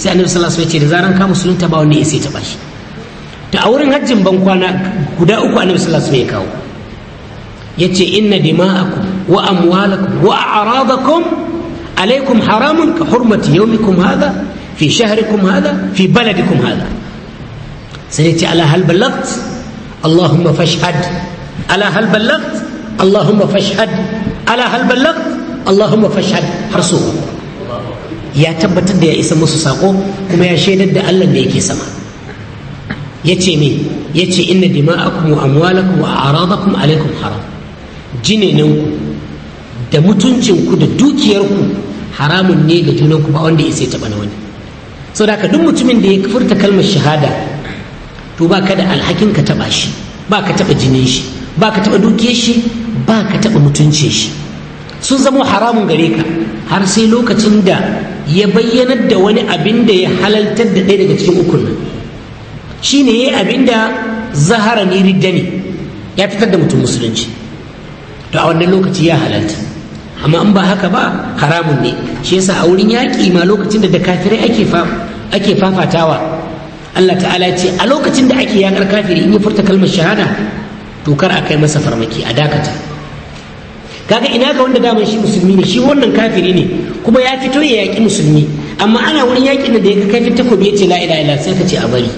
A: sai annabi sallallahu alaihi wasallam ya ce da zaran ka musulunta ba wanda ya sai taba shi to a wurin hajjin ban kwana guda uku annabi sallallahu alaihi wasallam ya kawo yace inna dima'akum wa amwalakum wa a'radakum alaikum haramun ka hurmati yawmikum hadha fi shahrikum hadha fi baladikum hadha sai yace ala hal ballagt allahumma fashhad ala hal ballagt allahumma fashhad ala hal ballagt allahumma fashhad har su ya tabbatar da ya isa musu sako kuma ya shaidar da Allah da yake sama ya ce me ya ce inna dima'akum wa amwalakum wa aradakum alaikum haram jineninku da mutuncinku da dukiyarku haramun ne ga junanku ba wanda ya sai taɓa na wani sau da duk mutumin da ya furta kalmar shahada to ba ka da alhakin ka taɓa shi ba ka taɓa jinin shi ba ka taɓa dukiyar shi ba ka taɓa mutuncin shi sun zamo haramun gare ka har sai lokacin da ya bayyanar da wani abin da ya halaltar da ɗaya daga cikin ukun nan shi ne ya yi abin da zahara ni riddani ya fitar da mutum musulunci to a wannan lokaci ya halalta amma in ba haka ba haramun ne shi yasa a wurin yaƙi ma lokacin da da kafirai ake fafatawa Allah ta'ala ya ce a lokacin da ake yaƙar kafiri in ya furta kalmar shahada to kar a kai masa farmaki a dakata kaga ina ga wanda daman shi musulmi ne shi wannan kafiri ne kuma ya fito ya yaki musulmi amma ana wurin yakin da ya kai fi takobi ya ce la ilaha illallah sai ka ce a bari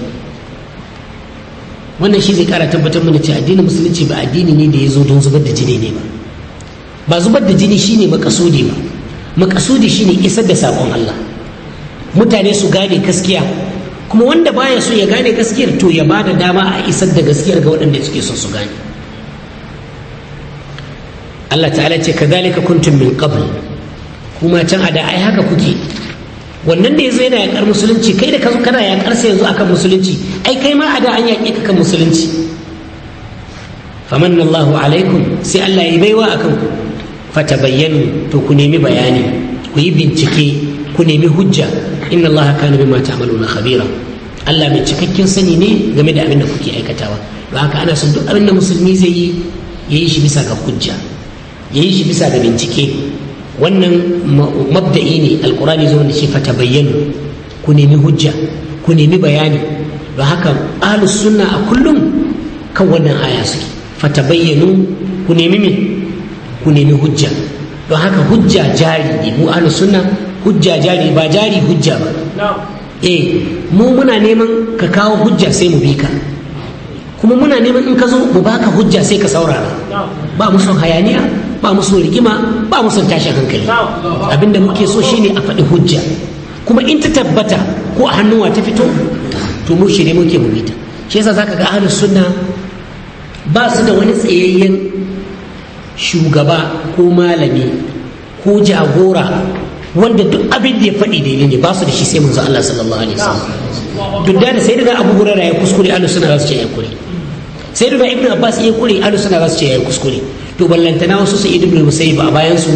A: wannan shi zai kara tabbatar mana cewa addinin musulunci ba addini ne da ya zo don zubar da jini ne ba ba zubar da jini shine makasudi ba makasudi shine isar da sakon Allah mutane su gane gaskiya kuma wanda baya so ya gane gaskiyar to ya bada dama a isar da gaskiyar ga waɗanda suke son su gane Allah ta'ala ce kadhalika kuntum min qabl kuma can da ai haka kuke wannan da ya zai na yakar musulunci kai da kazo kana yakar sa yanzu akan musulunci ai kai ma a da an yaƙe ka kan musulunci famanna Allahu alaikum sai Allah ya baiwa akan ku fatabayyanu to ku nemi bayani ku yi bincike ku nemi hujja inna Allah kana bima ta'maluna khabira Allah mai cikakken sani ne game da abin da kuke aikatawa don haka ana son duk abin da musulmi zai yi ya yi shi bisa ga hujja ya yi shi bisa ga bincike wannan mabda'i ne alkurani zuwa da shi fata bayyanu ku nemi hujja ku nemi bayani don haka ahlus sunna a kullum kan wannan aya suke fata bayyanu ku nemi me ku nemi hujja don haka hujja jari ne mu ahlus sunna hujja jari ba jari hujja ba eh mu muna neman ka kawo hujja sai mu bi ka kuma muna neman in ka zo mu baka hujja sai ka saurara ba mu son hayaniya ba musu rigima ba musu tashin hankali abinda muke so shine a faɗi hujja kuma in ta tabbata ko a hannuwa ta fito to mu shirye muke mu ta shi yasa zaka ga ahlus sunna ba su da wani tsayayyen shugaba ko malami ko jagora wanda duk abin da ya faɗi daidai ne ba su da shi sai manzo Allah sallallahu alaihi wasallam duk da sai da Abu Hurairah ya kuskure ahlus sunna za ce ya kuskure sai da Ibn Abbas ya kuskure ahlus sunna za ce ya kuskure to ballantana wasu su ibn musayyib a bayan su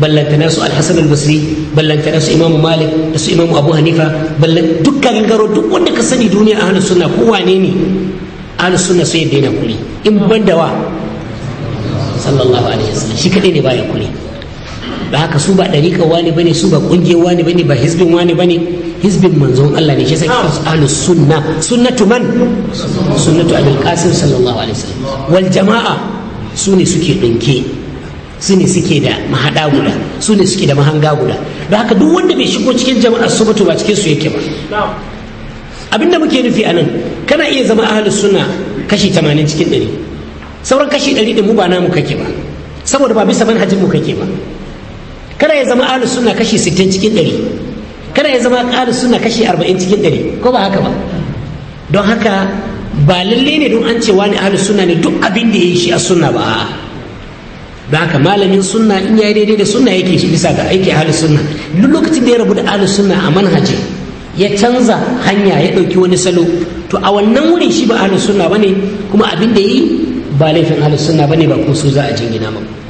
A: ballantana su al-hasan al-basri ballantana su imamu malik da su imamu abu hanifa ballan dukkan garo duk wanda ka sani duniya ahlus sunna ko wane ne ahlus sunna sai daina kuri in banda wa sallallahu alaihi wasallam shi kadai ne baya kuri da haka su ba dariƙa wani bane su ba kungiyar wani bane ba hizbin wani bane hizbin manzon Allah ne shi sai kira ahlus sunna sunnatu man sunnatu abul qasim sallallahu alaihi wasallam wal jama'a su ne suke ɗinke su ne suke da mahaɗa guda su ne suke da mahanga guda da haka duk wanda bai shigo cikin jama'ar sokoto ba cikin su yake ba abinda muke nufi a nan kana iya zama ahalus suna kashi 80 cikin 100 sauran kashi 100 din mu ba namu kake ba saboda ba bisa manhajin mu kake ba kana ya zama ahlus suna kashi 60 cikin 100 kana ya zama ahlus suna kashi 40 cikin 100 ko ba haka ba don haka ba lalle ne don an ce wani ahlus sunna ne duk abin da ya yi shi a sunna ba Ba haka malamin sunna in yayi daidai da sunna yake shi bisa ga aiki ahlus sunna duk lokacin da ya rabu da ahlus sunna a manhaji ya canza hanya ya ɗauki wani salo to a wannan wurin shi ba ahlus sunna bane kuma abin da yi ba laifin ahlus sunna bane ba kuma su za a jingina maka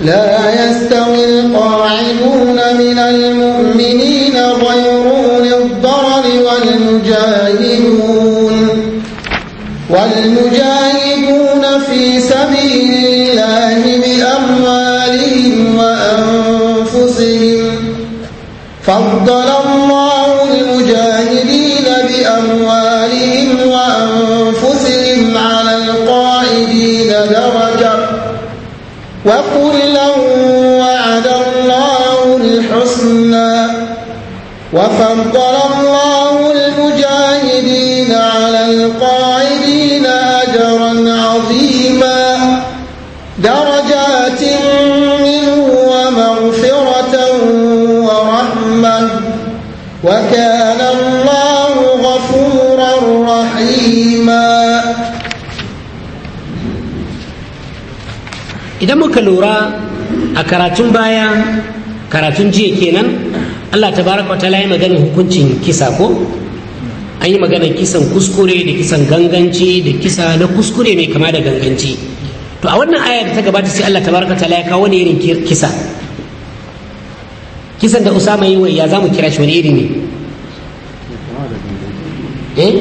A: لا يستوي القاعدون
B: من المؤمنين غيرون الضرر والمجاهدون والمجاهدون في سبيل الله بأموالهم وأنفسهم فضل الله المجاهدين بأموالهم وكلا وعد الله الحسنى وفضل
A: idan muka lura a karatun baya karatun jiya kenan allah ta baraka wata layi maganin hukuncin kisa ko an yi maganar kisan kuskure da kisan ganganci da kisa na kuskure mai kama da ganganci to a wannan aya da ta gabata sai allah ta baraka wata layi kawo wani irin kisa kisan da usama yi ya za mu kira shi wani iri ne eh?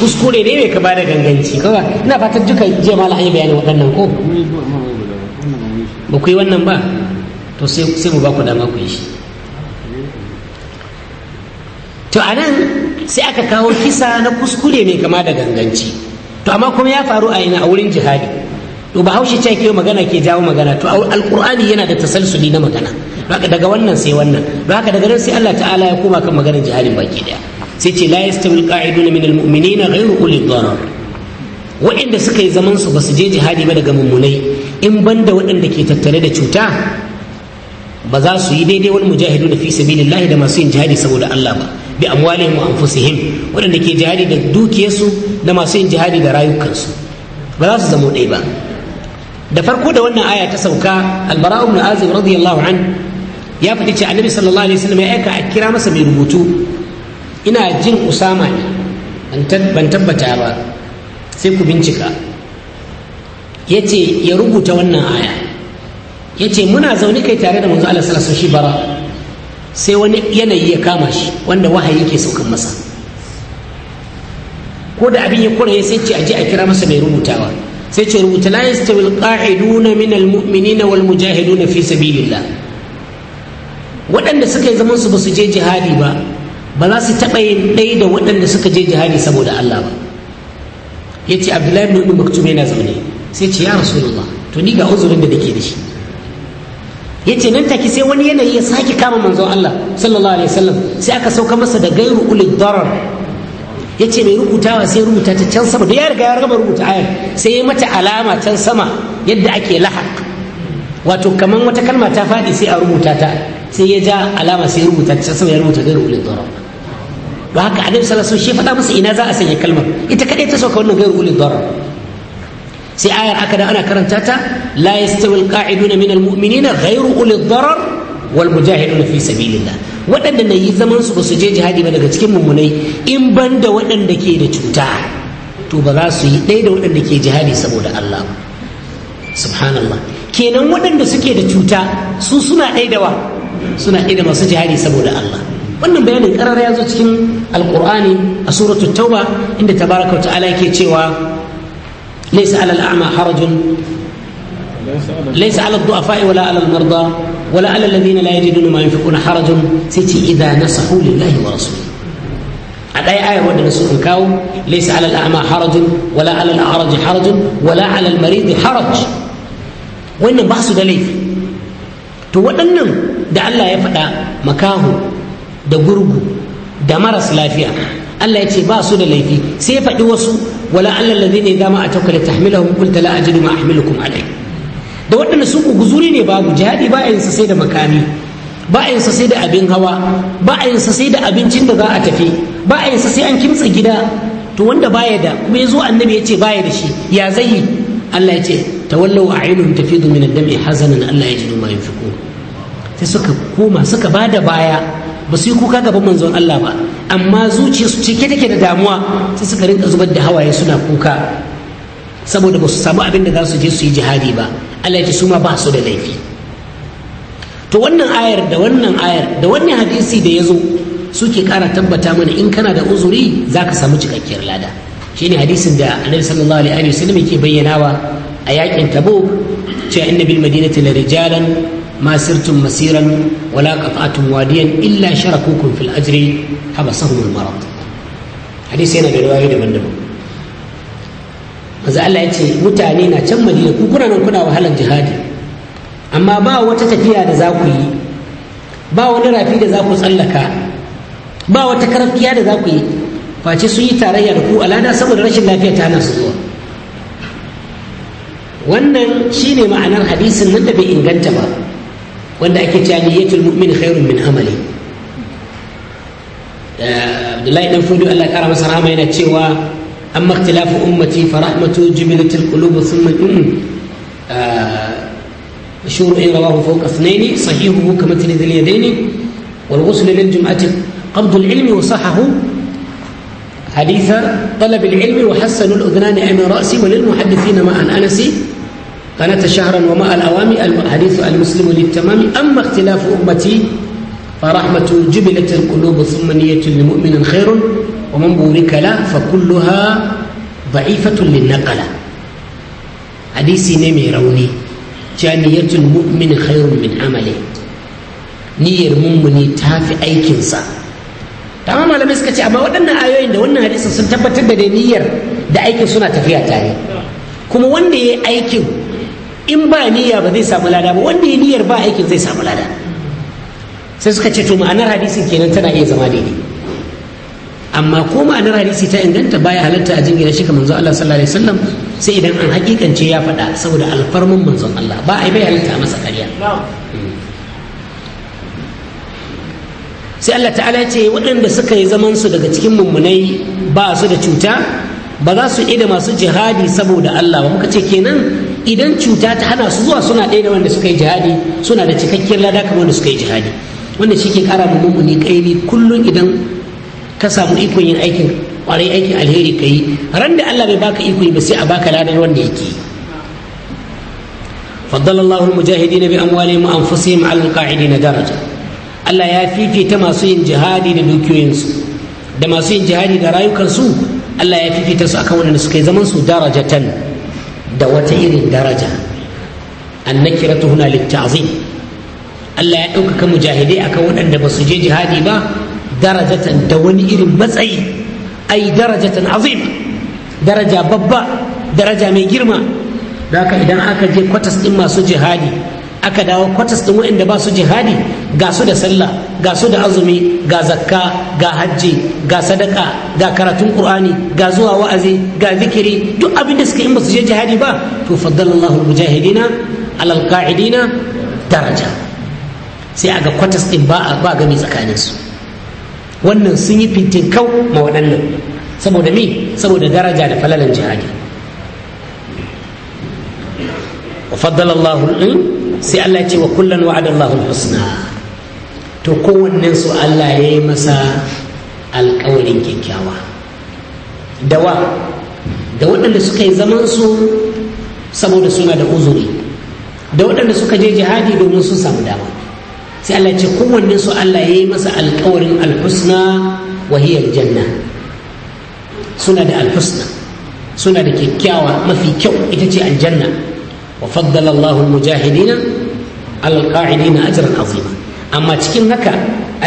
A: kuskure ne mai kama da ganganci kawai ina fatan duka jiya ma an bayani bayanin waɗannan ko ba ku yi wannan ba to sai mu ba ku dama ku yi shi to a nan sai aka kawo kisa na kuskure mai kama da ganganci to amma kuma ya faru a ina a wurin jihadi to ba haushi ce magana ke jawo magana to alqur'ani yana da tasalsuli na magana daga wannan sai wannan haka daga nan sai Allah ta'ala ya koma kan maganar jihadin baki daya sai ce la yastawi alqa'iduna min almu'minina ghayru ulil darar waɗanda suka yi zaman su basu je jihadi ba daga mummunai in banda waɗanda ke tattare da cuta ba za su yi daidai wal mujahiduna fi sabilillahi da masu yin jihadi saboda Allah ba bi amwalihim wa anfusihim waɗanda ke jihadi da dukiyarsu da masu yin jihadi da rayukansu ba za su zama ɗaya ba da farko da wannan aya ta sauka albara ibn azib radiyallahu an ya faɗi ce annabi sallallahu alaihi wasallam ya aika a kira masa mai rubutu ina jin usama ne ban tabbata ba sai ku bincika ya ce ya rubuta wannan aya ya ce muna zaune kai tare da manzo Allah sallallahu shi bara sai wani yanayi ya kama shi wanda wahayi ke saukan masa ko da abin ya kuraye sai ce aje a kira masa mai rubutawa sai ce rubuta la yastawi alqa'iduna min almu'minina wal mujahiduna fi sabilillah waɗanda suka yi zaman su ba su je jihadi ba ba za su taɓa yin ɗaya da waɗanda suka je jihadi saboda Allah ba ya ce abdullahi ibn umm maktum yana zaune sai ce ya rasulullah to ni ga uzurin da nake da shi ya ce nan take sai wani yanayi ya sake kama manzon Allah sallallahu alaihi wasallam sai aka sauka masa da gairu ulil darar ya ce mai rubutawa sai rubuta ta can sama da ya riga ya raba rubuta ayar sai ya mata alama can sama yadda ake lahaq wato kaman wata kalma ta faɗi sai a rubuta ta sai ya ja alama sai rubuta ta sama ya rubuta gairu ulil darar ba haka annabi sallallahu alaihi shi faɗa masa ina za a sanya kalmar ita kadai ta sauka wannan gairu ulil darar sai ayar aka da ana karanta ta la yastawi na min almu'minina na ulil darar wal mujahiduna fi sabilillah waɗanda na yi zaman su ba su je jihadi ba daga cikin mummunai in ban da waɗanda ke da cuta to ba za su yi ɗaya da waɗanda ke jihadi saboda Allah subhanallah kenan waɗanda suke da cuta su suna ɗaya da wa suna ɗaya da masu jihadi saboda Allah wannan bayanin karara ya zo cikin alkur'ani a suratu tauba inda tabaraka wa ta'ala yake cewa laysa alal a'ma harajun laysa alal du'afa'i wala alal marda wala la yajiduna ma yunfiquna harajun sai idza nasahu lillahi wa a ɗaya wadda na kawo laysa harajun wala harajun wala haraj wannan ba su da laifi to waɗannan da Allah ya faɗa makahu da gurgu da maras lafiya Allah ya ce ba su da laifi sai ya faɗi wasu wala Allah ladhi ne zama a taukala tahmilahum qulta la a ma ahmilukum alai da waɗanda su ku guzuri ne babu jihadi ba a sa sai da makami ba a sa sai da abin hawa ba a sa sai da abincin da za a tafi ba a sa sai an kimtsa gida to wanda baya da kuma yazo annabi ya ce baya da shi ya zai Allah ya ce tawallau a'yunuhum tafidu min ad-dam'i hazanan Allah yajidu ma yunfiqun sai suka koma suka ba da baya ba su yi kuka gaban manzon Allah ba amma zuciyarsu cike take da damuwa sai suka rinka zubar da hawaye suna kuka saboda ba su samu abin da za su je su yi jihadi ba Allah ya su ma ba su da laifi to wannan ayar da wannan ayar da wannan hadisi da ya zo suke kara tabbata mana in kana da uzuri za ka samu cikakkiyar lada shine hadisin da annabi sallallahu alaihi wasallam yake bayyanawa a yakin tabuk cewa inna bil madinati la rijalan ما سرتم مسيرا ولا قطعتم واديا إلا شركوكم في الأجر حبسهم المرض yana da برواية daban-daban. maza Allah ya ce mutane na can madina ku kuna nan kuna wahalar jihadi amma ba wata tafiya da za ku yi ba wani rafi da za ku tsallaka ba wata karfiya da za ku yi face sun yi tarayya da ku alada saboda rashin lafiya ta hana su zuwa wannan shine ma'anar hadisin nan da bai inganta ba وأن كتانية المؤمن خير من عمله آه، عبد الله بن فود قال لك أرمس رحمة أما اختلاف أمتي فرحمة جبلة القلوب ثم الأم آه، مشهور إن رواه فوق اثنين صحيحه كما ذي اليدين والغسل للجمعة قبض العلم وصحه حديث طلب العلم وحسن الأذنان أمام رأسي وللمحدثين مع انس قناة شهرا ومع الأوامي الحديث المسلم للتمام أما اختلاف أمتي فرحمة جبلت القلوب ثم نية لمؤمن خير ومن بورك له فكلها ضعيفة للنقلة حديثي نمي روني جانية المؤمن خير من عمله niyyar mummuni ta fi aikinsa amma malamai suka ce amma waɗannan ayoyin da wannan hadisin sun tabbatar da niyyar da aikin suna tafiya tare kuma wanda ya yi aikin in ba niyya ba zai samu lada ba wanda ya niyyar ba aikin zai samu lada sai suka ce to ma'anar hadisin kenan tana iya zama daidai amma ko ma'anar hadisi ta inganta baya halatta a jingina shi ka manzo Allah sallallahu alaihi wasallam sai idan an hakikance ya faɗa saboda alfarmin manzo Allah ba a bai halatta masa ƙarya hmm. sai Allah ta'ala ce waɗanda suka yi zaman su daga cikin mummunai ba su da cuta ba za su ida masu jihadi saboda Allah ba muka ce kenan idan cuta ta hana su zuwa suna ɗaya da wanda suka yi jihadi suna da cikakkiyar lada kamar wanda suka yi jihadi wanda shi ke ƙara mu mummuni ƙaimi kullum idan ka samu ikon yin aikin ƙwarai aikin alheri ka yi ran da Allah bai baka iko ba sai a baka ladar wanda yake yi فضل الله المجاهدين an وأنفسهم على القاعدين daraja. Allah ya fifita masu yin jihadi da dukiyoyinsu da masu yin jihadi da rayukansu Allah ya fifita su akan wanda suka yi zaman su darajatan da wata irin daraja annakiratu huna litta'zim Allah ya ɗaukaka mujahidai akan waɗanda ba su je jihadi ba darajatan da wani irin matsayi ai darajatan azim daraja babba daraja mai girma da haka idan aka je kwatas ɗin masu jihadi aka dawo kwatas ɗin waɗanda ba su jihadi ga su da sallah ga su da azumi ga zakka ga hajji ga sadaka ga karatun qur'ani ga zuwa wa'azi ga zikiri duk abin da suka yi ba su je jihadi ba to faddalallahu mujahidina alal qa'idina daraja sai aga kwatas ɗin ba ba gami tsakanin su wannan sun yi fintinkau ma waɗannan saboda me saboda daraja da falalan jihadi وفضل الله sai Allah ce wa kullun wa'adallahu husna to kowannen su Allah ya yi masa alƙawarin kyakkyawa dawa da waɗanda suka yi zaman su saboda suna da uzuri da waɗanda suka je jihadi domin sun samu dama sai Allah ce kowannen su Allah ya yi masa alƙawarin alhusna wa hiyar janna suna da alhusna suna da kyakkyawa mafi kyau ita ce aljanna وفضل الله المجاهدين على القاعدين أجرا عظيما أما تكين هكا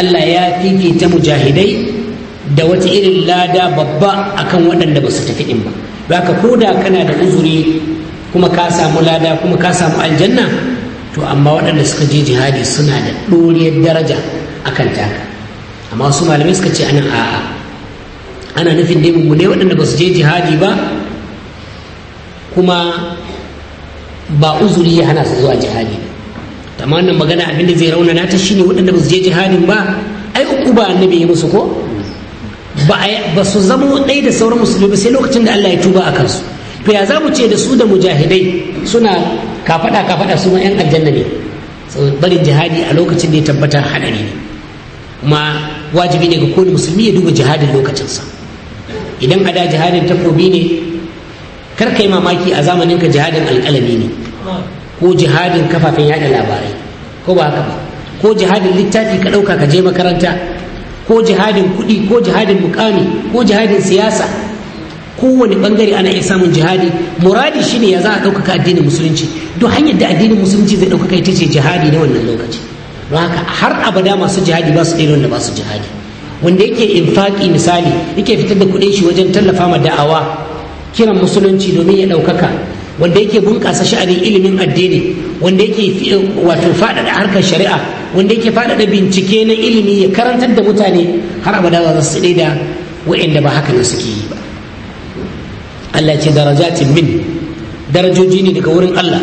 A: ألا ياتي في تمجاهدي دوت إلى اللادا ببا أكن ودن دبس Ba ba بaka koda kana da uzuri kuma ka samu lada kuma ka samu aljanna to amma waɗanda suka je jihadi suna da ɗoriyar daraja akan taka amma su malamai suka ce anan a'a ana nufin dai ne waɗanda ba su je jihadi ba kuma ba uzuri ya hana su zuwa jihadi amma wannan magana abinda zai raunana ta shi ne wadanda ba su je jihadi ba ai uku ba annabi ya musu ko ba su zamo ɗai da sauran musulmi sai lokacin da Allah ya tuba a kansu to ya za mu ce da su da mujahidai suna kafaɗa kafaɗa su ma 'yan aljanna ne barin jihadi a lokacin da ya tabbata haɗari ne kuma wajibi ne ga kowane musulmi ya duba jihadin lokacinsa idan ada jihadin takobi ne kar ka yi mamaki a zamanin ka jihadin alƙalami ne ko jihadin kafafen yada labarai ko ba haka ba ko jihadin littafi ka ɗauka ka je makaranta ko jihadin kuɗi ko jihadin mukami ko jihadin siyasa kowane bangare ana iya samun jihadi muradi shine ya za a ɗaukaka addinin musulunci don hanyar da addinin musulunci zai ɗaukaka ita ce jihadi na wannan lokaci don haka har abada masu jihadi ba su ɗaya wanda ba su jihadi wanda yake infaki misali yake fitar da kuɗin shi wajen tallafa ma da'awa kiran musulunci domin ya ɗaukaka wanda yake bunƙasa sha'anin ilimin addini wanda yake wato faɗaɗa harkar shari'a wanda yake faɗaɗa bincike na ilimi ya karantar da mutane har abada ba za su da wa'inda ba haka nan suke yi ba Allah ce darajatin min darajoji ne daga wurin Allah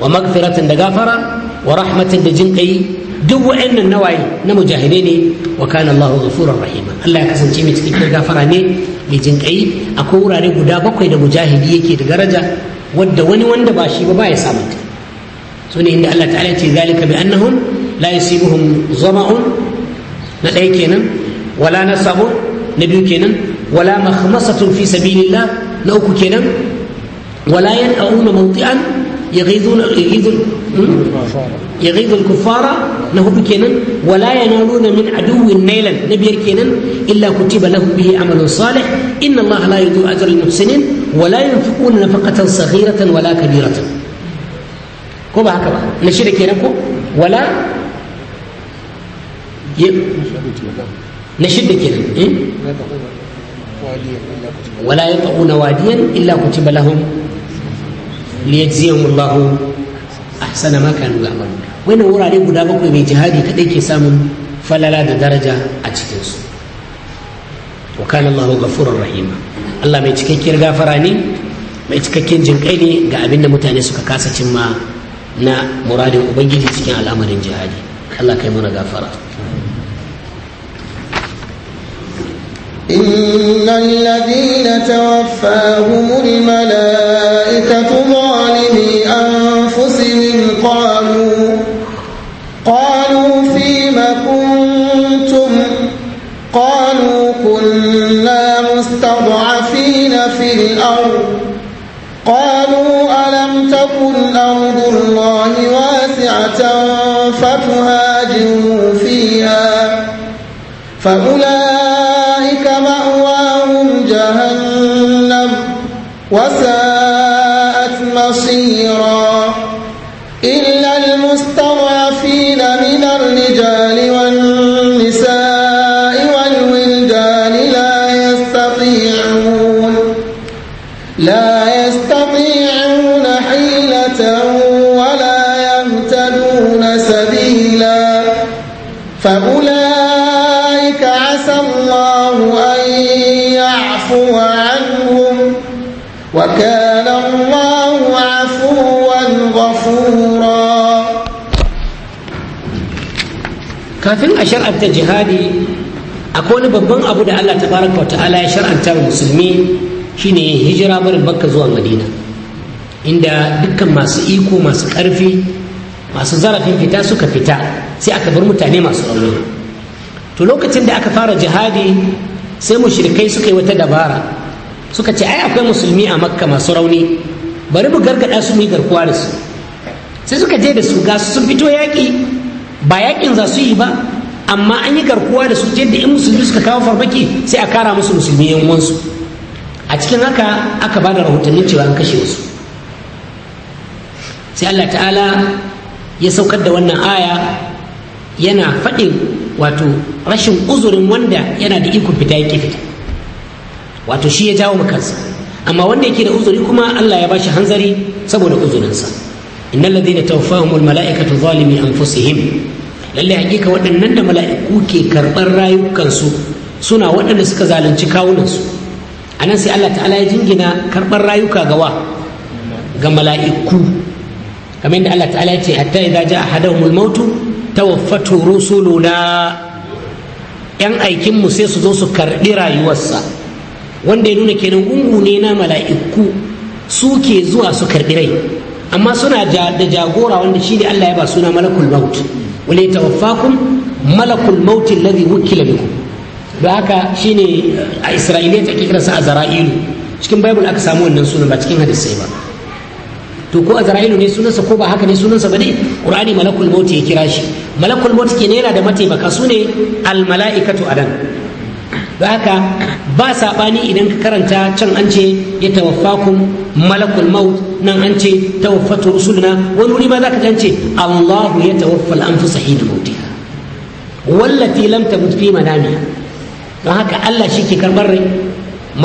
A: wa magfiratin da gafara wa rahmatan da jin kai duk wa'annan nawaye na mujahide ne wa kana Allah ghafurur rahima Allah ya kasance mai cikakken gafara ne mai jin kai akwai wurare guda bakwai da mujahidi yake da daraja wadda wani wanda ba shi ba ba ya samun ta su ne inda Allah ta'ala ce zalika bi annahum la yusibuhum zama'un na ɗaya kenan wala sabo na biyu kenan wala makhmasatun fi sabilillah na uku kenan wala yan'auna mawti'an yaghizuna yaghizul يغيظ الكفار نهب كينا min ينالون من عدو نيلا نبير كينا إلا كتب له به عمل صالح إن الله لا يضيع أجر المحسنين wala yunfiquna nafaqatan saghiratan wala kabiratan ko ba haka ba na shida kenan ko wala na shida kenan eh wala na wadiyan illa kutiba lahum liyajziyahum Allahu ahsana ma kanu ya'malun wannan wurare guda bakwai mai jihadi kadai ke samun falala da daraja a cikinsu wa kana Allahu ghafurur rahima Allah mai cikakkiyar gafara ne mai cikakken jinƙai ne ga abin da mutane suka kasa cimma na muradin ubangiji cikin al'amarin jihadi Allah kai mana gafara
B: إن الذين توفاهم الملائكة ظالمي أنفسهم قالوا قالوا فيم كنتم قالوا كنا مستضعفين الأرض قالوا ألم تكن أرض الله واسعة فتهاجروا فيها فأولئك
A: kafin a shar'anta jihadi akwai wani babban abu da Allah tabaraka wa ta'ala ya shar'anta wa musulmi shine hijira barin bakka zuwa madina inda dukkan masu iko masu ƙarfi masu zarafin fita suka fita sai aka bar mutane masu rauni to lokacin da aka fara jihadi sai mushrikai suka yi wata dabara suka ce ai akwai musulmi a makka masu rauni bari mu gargada su mu garkuwa da su sai suka je da su ga sun fito yaƙi ba yaƙin za su yi ba amma an yi garkuwa da su yadda in musulmi suka kawo farmaki sai a kara musu musulmi yan uwansu a cikin haka aka bada rahotannin cewa an kashe wasu. sai Allah ta'ala ya saukar da wannan aya yana faɗin wato rashin uzurin wanda yana da ikon fita yake fita wato shi ya jawo kansa amma wanda yake da uzuri kuma Allah ya bashi hanzari saboda uzurinsa innal ladina tawaffahumul mala'ikatu zalimi anfusihim lalle hakika waɗannan da mala'iku ke karɓar rayukansu suna waɗanda suka zalunci kawunansu a nan sai Allah ta'ala ya jingina karɓar rayuka gawa ga mala'iku kamar yadda Allah ta'ala ya ce hatta idza ja'a ahaduhumul mautu tawaffatu rusuluna yan aikinmu sai su zo su karɓi rayuwarsa wanda ya nuna kenan gungu ne na mala'iku suke zuwa su karɓi rai amma suna da jagora wanda shi ne Allah ya ba suna malakul maut wale ya tawaffakum malakul maut alladhi wukila bikum don haka shine a isra'iliya take kiransa azra'ilu cikin bible aka samu wannan sunan ba cikin hadisai ba to ko azra'ilu ne sunansa ko ba haka ne sunansa ba ne qur'ani malakul maut ya kira shi malakul maut ke ne yana da mataimaka su ne al mala'ikatu adan don haka ba saɓani idan ka karanta can an ce ya tawaffakum malakul maut nan an ce tawaffatu rusuluna wani wuri ma za ka ce allahu ya tawaffa al'amfusa hina mautiha wallati lam tamut fi manamiha don haka allah shi ke karɓar rai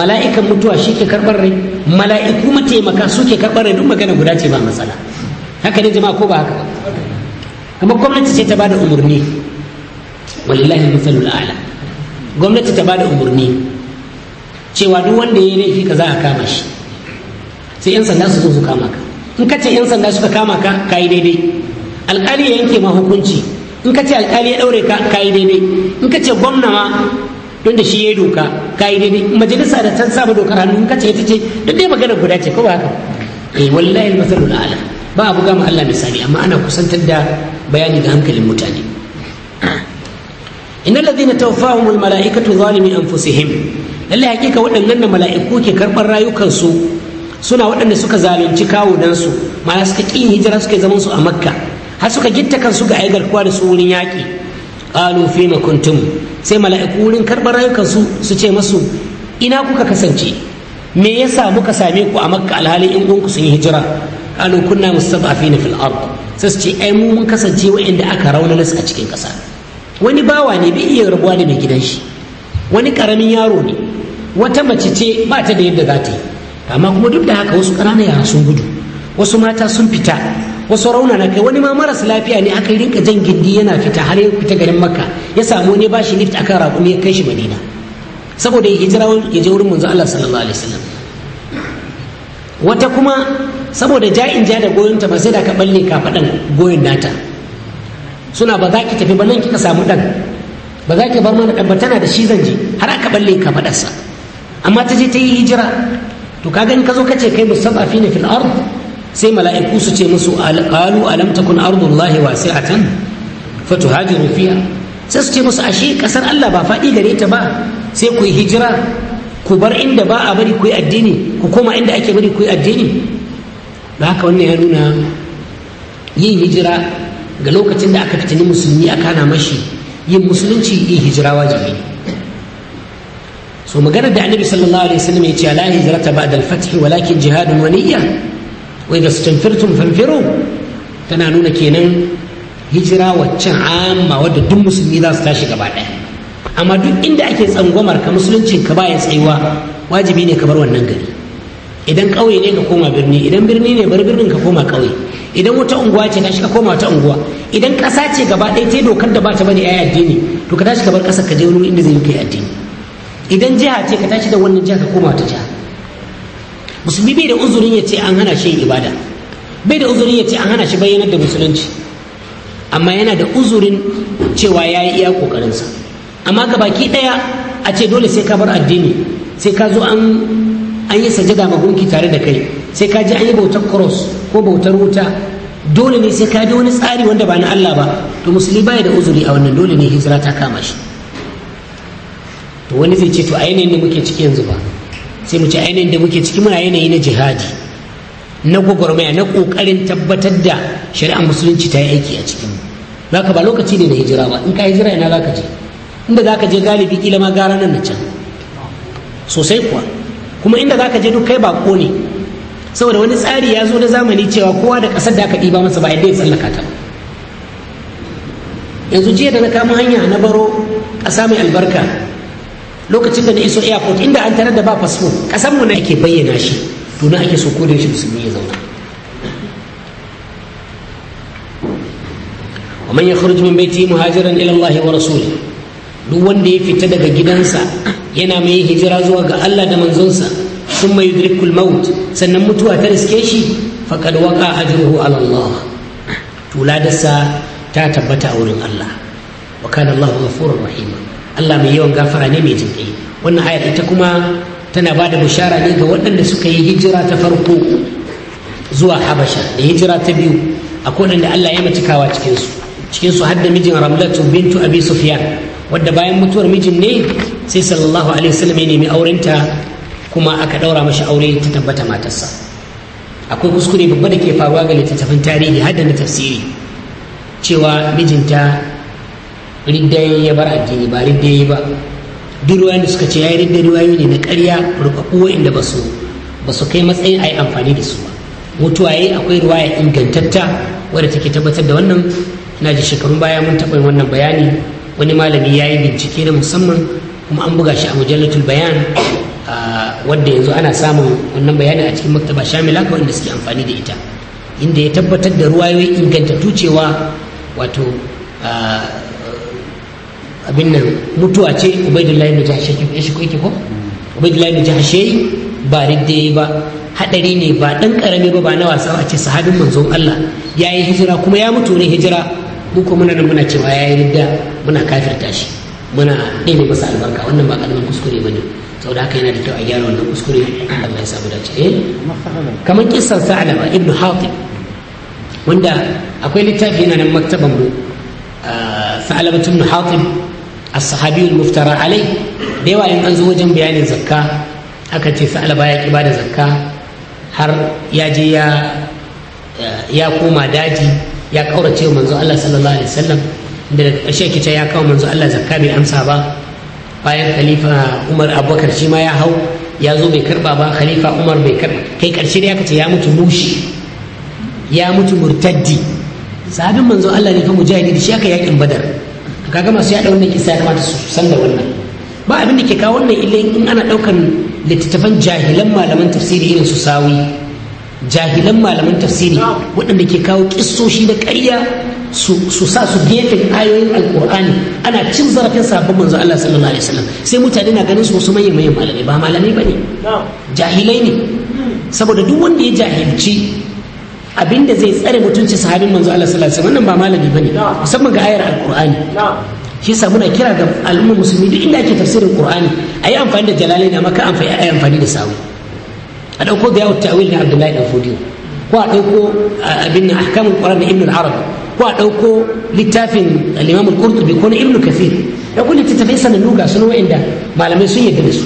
A: mala'ikan mutuwa shi ke karɓar rai mala'iku mataimaka suke karɓar da duk magana guda ce ba matsala haka ne jama'a ko ba haka amma gwamnati ce ta bada umarni wallahi misalul a'la gwamnati ta bada umarni cewa duk wanda ya laifi ka za a kama shi sai yan sanda su zo su kama ka in ka ce yan sanda suka kama ka ka yi daidai Alƙali ya yanke ma hukunci in ka ce alƙali ya daure ka ka yi daidai in ka ce gwamna ma don da shi ya doka ka yi daidai majalisa da ta saba dokar hannu ka ce ita ce duk dai magana guda ce ko ba haka eh wallahi almasalul a'la ba a buga ma Allah misali amma ana kusantar da bayani ga hankalin mutane innal ladina tawaffahumul mala'ikatu zalimi anfusihim lalle hakika waɗannan da mala'iku ke karɓar rayukansu suna waɗanda suka zalunci kawo su ma suka ƙin hijira suka zaman su a makka har suka gitta kansu ga aigar kuwa da su wurin yaki? qalu fima kuntum sai mala'iku wurin karɓar rayukansu su ce masu ina kuka kasance me yasa muka same ku a makka alhali in ɗinku sun yi hijira qalu kunna mustad'afina fil ard sai su ce ai mu mun kasance wa'anda aka rauna su a cikin ƙasa wani bawa ne bai iya rabuwa da mai gidan shi wani ƙaramin yaro ne wata mace ce ba ta da yadda za ta yi amma kuma duk da haka wasu ƙananan yara sun gudu wasu mata sun fita wasu rauna na kai wani ma maras lafiya ne aka rinka jan gindi yana fita har ya fita garin makka ya samu ne bashi lift akan raƙumi ya kai shi madina saboda ya hijira ya je wurin manzo Allah sallallahu alaihi wasallam wata kuma saboda ja'in ja da goyon ta ba sai da ka balle ka faɗan goyon nata suna ba za ki tafi ba nan kika samu dan ba za ki bar mana dan ba tana da shi zan je har aka balle ka faɗarsa amma ta je ta yi hijira to ka gani ka zo ka ce kai mustafafi ne fil ard sai mala'iku su ce musu qalu alam a can? wasi'atan fatuhajiru Rufiya. sai su ce musu ashe kasar Allah ba faɗi gare ta ba sai ku yi hijira ku bar inda ba a bari ku yi addini ku koma inda ake bari ku yi addini da haka wannan ya nuna yin hijira ga lokacin da aka fitini musulmi aka hana mashi yin musulunci yin hijira wajibi ne so maganar da annabi sallallahu alaihi wasallam ya ce la hijrata ba'da al-fath walakin jihadun waniyya وإذا استنفرتم فانفروا tana nuna kenan hijira waccan amma wadda duk musulmi za su tashi gaba ɗaya amma duk inda ake tsangwamar ka musuluncin ka baya tsayuwa wajibi ne ka bar wannan gari idan ƙauye ne ka koma birni idan birni ne bar birnin ka koma ƙauye idan wata unguwa ce tashi ka koma wata unguwa idan ƙasa ce gaba ɗaya ta dokar da ba ta bane addini to ka tashi ka bar ƙasar ka je wani inda zai yi kai addini idan jiha ce ka tashi da wannan jiha ka koma wata jiha musulmi bai da uzurin ya ce an hana shi ibada bai da uzurin ya ce an hana shi bayyanar da musulunci amma yana da uzurin cewa ya yi iya kokarinsa amma ga baki daya a ce dole sai ka bar addini sai ka zo an an yi sajada ma gunki tare da kai sai ka ji an yi bautar cross ko bautar wuta dole ne sai ka bi wani tsari wanda ba na Allah ba to musulmi baya da uzuri a wannan dole ne hijira ta kama shi to wani zai ce to a yanayin da muke ciki yanzu ba sai mu ci ainihin da muke ciki muna yanayi na jihadi na gwagwarmaya na kokarin tabbatar da shari'ar musulunci ta yi aiki a cikin ka ba lokaci ne na hijira ba in ka hijira ina ka je inda zaka je galibi kila ma gara nan na can sosai kuwa kuma inda zaka je duk kai bako ne saboda wani tsari ya zo na zamani cewa kowa da kasar da aka ɗiba masa ba yadda ya tsallaka ta yanzu jiya da na kama hanya na baro ƙasa mai albarka lokacin da na iso airport inda an tarar da ba fasfo kasan mu na ake bayyana shi to ake so ko da musulmi ya zauna wa man yakhruj min baiti muhajiran ila Allah wa rasulih duk wanda ya fita daga gidansa yana mai hijira zuwa ga Allah da manzonsa sun mai yudrikul maut sannan mutuwa ta riske shi faqad waqa ajruhu ala Allah to ladarsa ta tabbata a wurin Allah wa kana Allahu ghafurur rahima Allah mai yawan gafara ne mai jinƙai wannan ayar ita kuma tana ba da bishara ne ga waɗanda suka yi hijira ta farko zuwa habasha da hijira ta biyu a waɗanda Allah ya macikawa cikinsu cikinsu har mijin ramlatu bintu abi sufyan wadda bayan mutuwar mijin ne sai sallallahu alaihi wasallam ya nemi aurenta kuma aka ɗaura mashi aure ta tabbata matarsa akwai kuskure babba da ke faruwa ga littattafan tarihi har da na tafsiri cewa mijinta riddayoyi ya bar addini ba riddayoyi ba duk ruwayoyin da suka ce ya yi ridda ruwayoyi ne na ƙarya rufafu inda ba su ba su kai matsayin a yi amfani da su ba mutuwa yi akwai ruwaya ingantatta wadda take tabbatar da wannan ina ji shekarun baya mun taɓa yin wannan bayani wani malami ya yi bincike na musamman kuma an buga shi a mujallatul bayan wadda yanzu ana samun wannan bayani a cikin maktaba shamila ko wanda suke amfani da ita inda ya tabbatar da ruwayoyi ingantattu cewa wato abin nan mutuwa ce ubaidullahi ibn ki ya shi yake ko ubaidullahi ibn ba ridde ba hadari ne ba dan karami ba ba na wasa a ce sahabin manzon Allah ya yi hijira kuma ya mutu ne hijira mu ko muna nan muna cewa ya yi ridda muna kafirta shi muna ɗebe masa albarka wannan ba kalmar kuskure ba bane saboda haka yana da kyau a gyara wannan kuskure Allah ya samu dace eh kamar kissan Sa'laba ibn Hatib wanda akwai littafi yana nan maktaban mu ah, Sa'laba ibn Hatib as-sahabiyul muftara alai da yawa in an zo wajen bayanin zakka aka ce sa alba ki ba da zakka har ya je ya eh, koma daji ya kaurace manzo Allah sallallahu alaihi wasallam da daga ƙarshe kice ya kawo manzo Allah zakka bai amsa ba bayan khalifa Umar Abubakar shi ma ya hau ya zo bai karba ba khalifa Umar bai karba kai ƙarshe ne aka ce ya mutu mushi ya mutu murtaddi sahabin manzo Allah ne fa mujahidi shi aka yakin badar kaga masu yaɗa wannan kisa ya kamata su san da wannan ba abin da ke kawo wannan ille in ana ɗaukan littattafan jahilan malaman tafsiri irin su sawi jahilan malaman tafsiri waɗanda ke kawo kissoshi da ƙarya su sa su gefen ayoyin alkur'ani ana cin zarafin sabon manzo Allah sallallahu alaihi wasallam sai mutane na ganin su wasu manyan manyan malamai ba malamai ne jahilai ne saboda duk wanda ya jahilci abinda zai tsare mutuncin sahabin manzo Allah sallallahu alaihi wannan ba malami bane musamman ga ayar alqur'ani shi yasa muna kira ga al'ummar musulmi duk inda ake tafsirin qur'ani ayi amfani da jalalain amma ka amfani ayi amfani da sawu a dauko da yawo ta'wil na Abdullahi dan ko a dauko abin na ahkamul qur'an Ibn al-Arab ko a dauko littafin al-Imam al-Qurtubi ko na Ibn Kathir da kullu littafai sanannu ga sunan wa'anda malamai sun yarda da su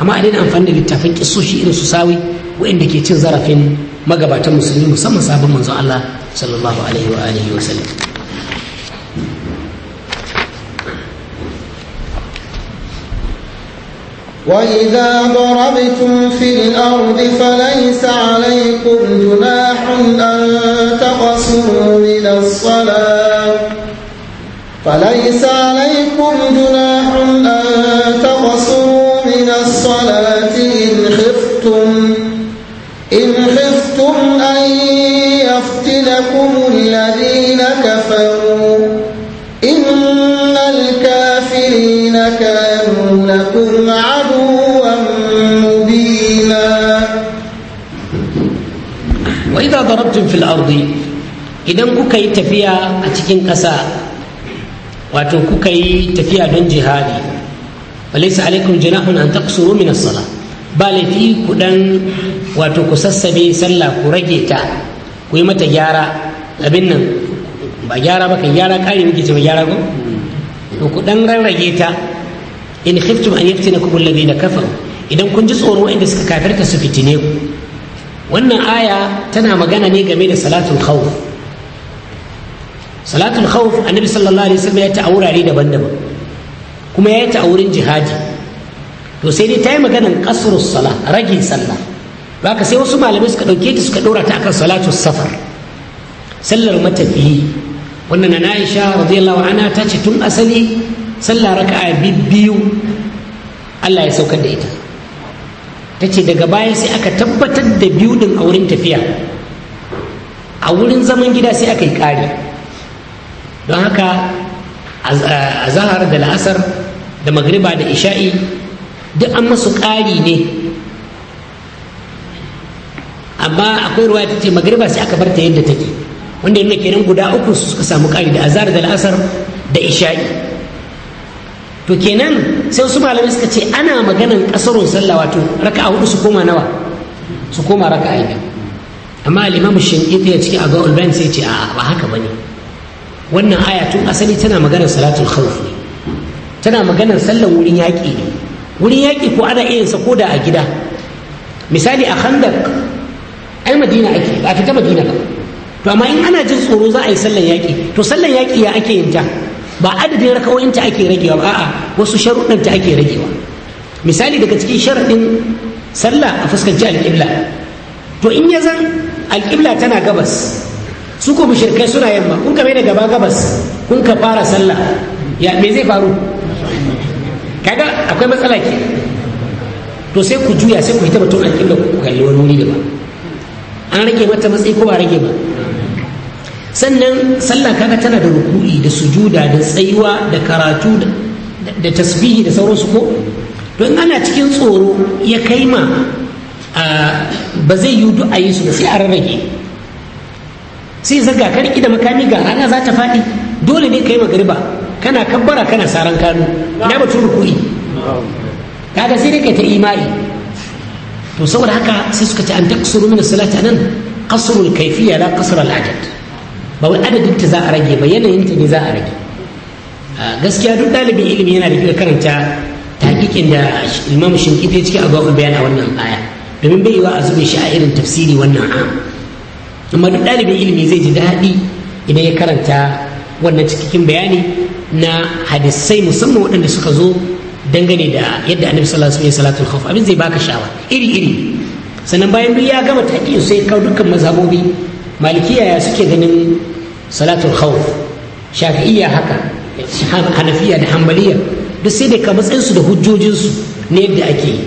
A: amma a daina amfani da littafin kisoshi irin su sawi wa'anda ke cin zarafin magabatan musulmi musamman sabon manzon Allah sallallahu alaihi wa alihi wa sallam
B: وإذا ضربتم في الأرض فليس عليكم جناح أن تقصروا من الصلاة فليس عليكم جناح أن تقصروا من الصلاة إن لكم الذين كفروا إن الكافرين كانوا لكم عدوا مبينا
A: وإذا ضربتم في الأرض idan kuka yi tafiya a cikin ƙasa wato kuka yi tafiya don jihadi walaisa alaikum jinahun an taqsuru min as-sala ba laifi ku dan wato ku sassabe sallah ku rage ta ku yi mata gyara abin nan ba gyara ba kan gyara kare muke ce ba gyara ko to ku dan rarrage ta in khiftum an yaftinakum alladhina kafaru idan kun ji tsoro inda suka kafirta su fitine ku wannan aya tana magana ne game da salatul khawf salatul khawf annabi sallallahu alaihi wasallam ya ta aurare daban-daban kuma ya ta aurin jihadi to sai dai ta yi maganan kasrus sala rage sallah baka sai wasu malamai suka ɗauke ta suka ɗora ta akan salatu safar sallar matafiyi wannan na Aisha radiyallahu anha ta ce tun asali sallah raka'a biyu Allah ya saukar da ita ta ce daga baya sai aka tabbatar da biyu din a wurin tafiya a wurin zaman gida sai aka yi ƙari don haka a zahar da la'asar da magriba da isha'i duk an masu ƙari ne amma akwai ruwa ta ce magariba sai aka barta yadda take wanda yana kenan guda uku suka samu ƙari da azhar da al'asar da isha'i to kenan sai wasu malamai suka ce ana maganan kasarun sallah wato a hudu su koma nawa su koma a biyu amma al-imamu shinqiti ya cikin aga ulban sai ce a'a ba haka bane wannan aya tun asali tana maganar salatul khawf ne tana maganar sallan wurin yaƙi ne wurin yaƙi ko ana iya sa da a gida misali a khandak ai madina ake ba fita madina ba to amma in ana jin tsoro za a yi sallan yaƙi to sallan yaƙi ya ake yin ta ba adadin ta ake ragewa ba a'a wasu ta ake ragewa misali daga cikin sharaɗin sallah a fuskanci alƙibla to in ya zan alƙibla tana gabas su ko mushrikai suna yamma kun ka da gaba gabas kun ka fara sallah ya me zai faru kaga akwai matsala ke to sai ku juya sai ku fita mutum alƙibla ku kalli wani wuri an rage mata matsayi ko ba rage ba sannan sallah kaga tana da ruku'i da sujuda da tsayuwa da karatu da tasbihi da sauransu ko don ana cikin tsoro ya kai ma ba zai yi du'a a yi su ba sai a rarrage sai zaga ka da makami ga rana za ta faɗi dole ne ka yi magariba kana kabbara kana saran kanu na batun ruku'i
C: kaga sai dai ka ta imai
A: to saboda haka sai suka ce an taksuru min salati anan qasrul kayfiyya la qasr al adad ba wai adadin ta za a rage ba yanayin ta ne za a rage gaskiya duk dalibin ilimi yana da kyau karanta tahqiqin da Imam Shinkifi ciki a Gawul Bayan a wannan aya domin bai yiwa a zube shi a irin tafsiri wannan a amma duk dalibin ilimi zai ji daɗi idan ya karanta wannan cikakken bayani na hadisai musamman waɗanda suka zo dangane da yadda annabi sallallahu alaihi wasallam salatul khauf abin zai baka shawara iri iri sannan bayan duk ya gama taqiyin sai kawo dukkan mazhabobi malikiya ya suke ganin salatul khauf shafi'iyya haka hanafiya da hanbaliya duk sai da ka matsayin su da hujjojin su na yadda ake yi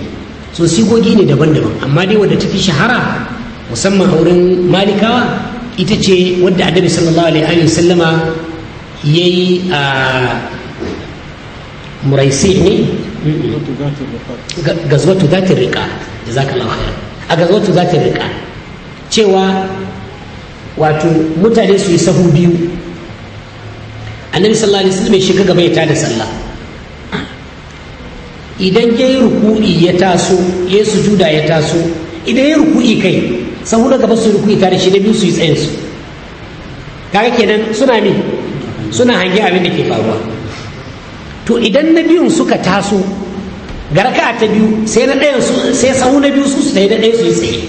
A: so sigogi ne daban-daban amma dai wadda tafi shahara musamman a wurin malikawa ita ce wadda annabi sallallahu alaihi wasallama yayi a muraisi ne gazwatu da za ka khair a gazwatu ta riqa cewa wato mutane su yi sahu biyu annabi sallallahu alaihi wasallam ya shiga gaba ya tada sallah idan ya yi ruku'i ya taso ya yi sujuda ya taso idan ya yi ruku'i kai sahu na gaba su ruku'i tare shi da biyu su yi tsayin su kaga kenan suna mi suna hange abin da ke faruwa to idan na biyun suka taso ga raka'a ta biyu sai na ɗayan sai sahu na biyu su su tayi da ɗaya su yi tsaye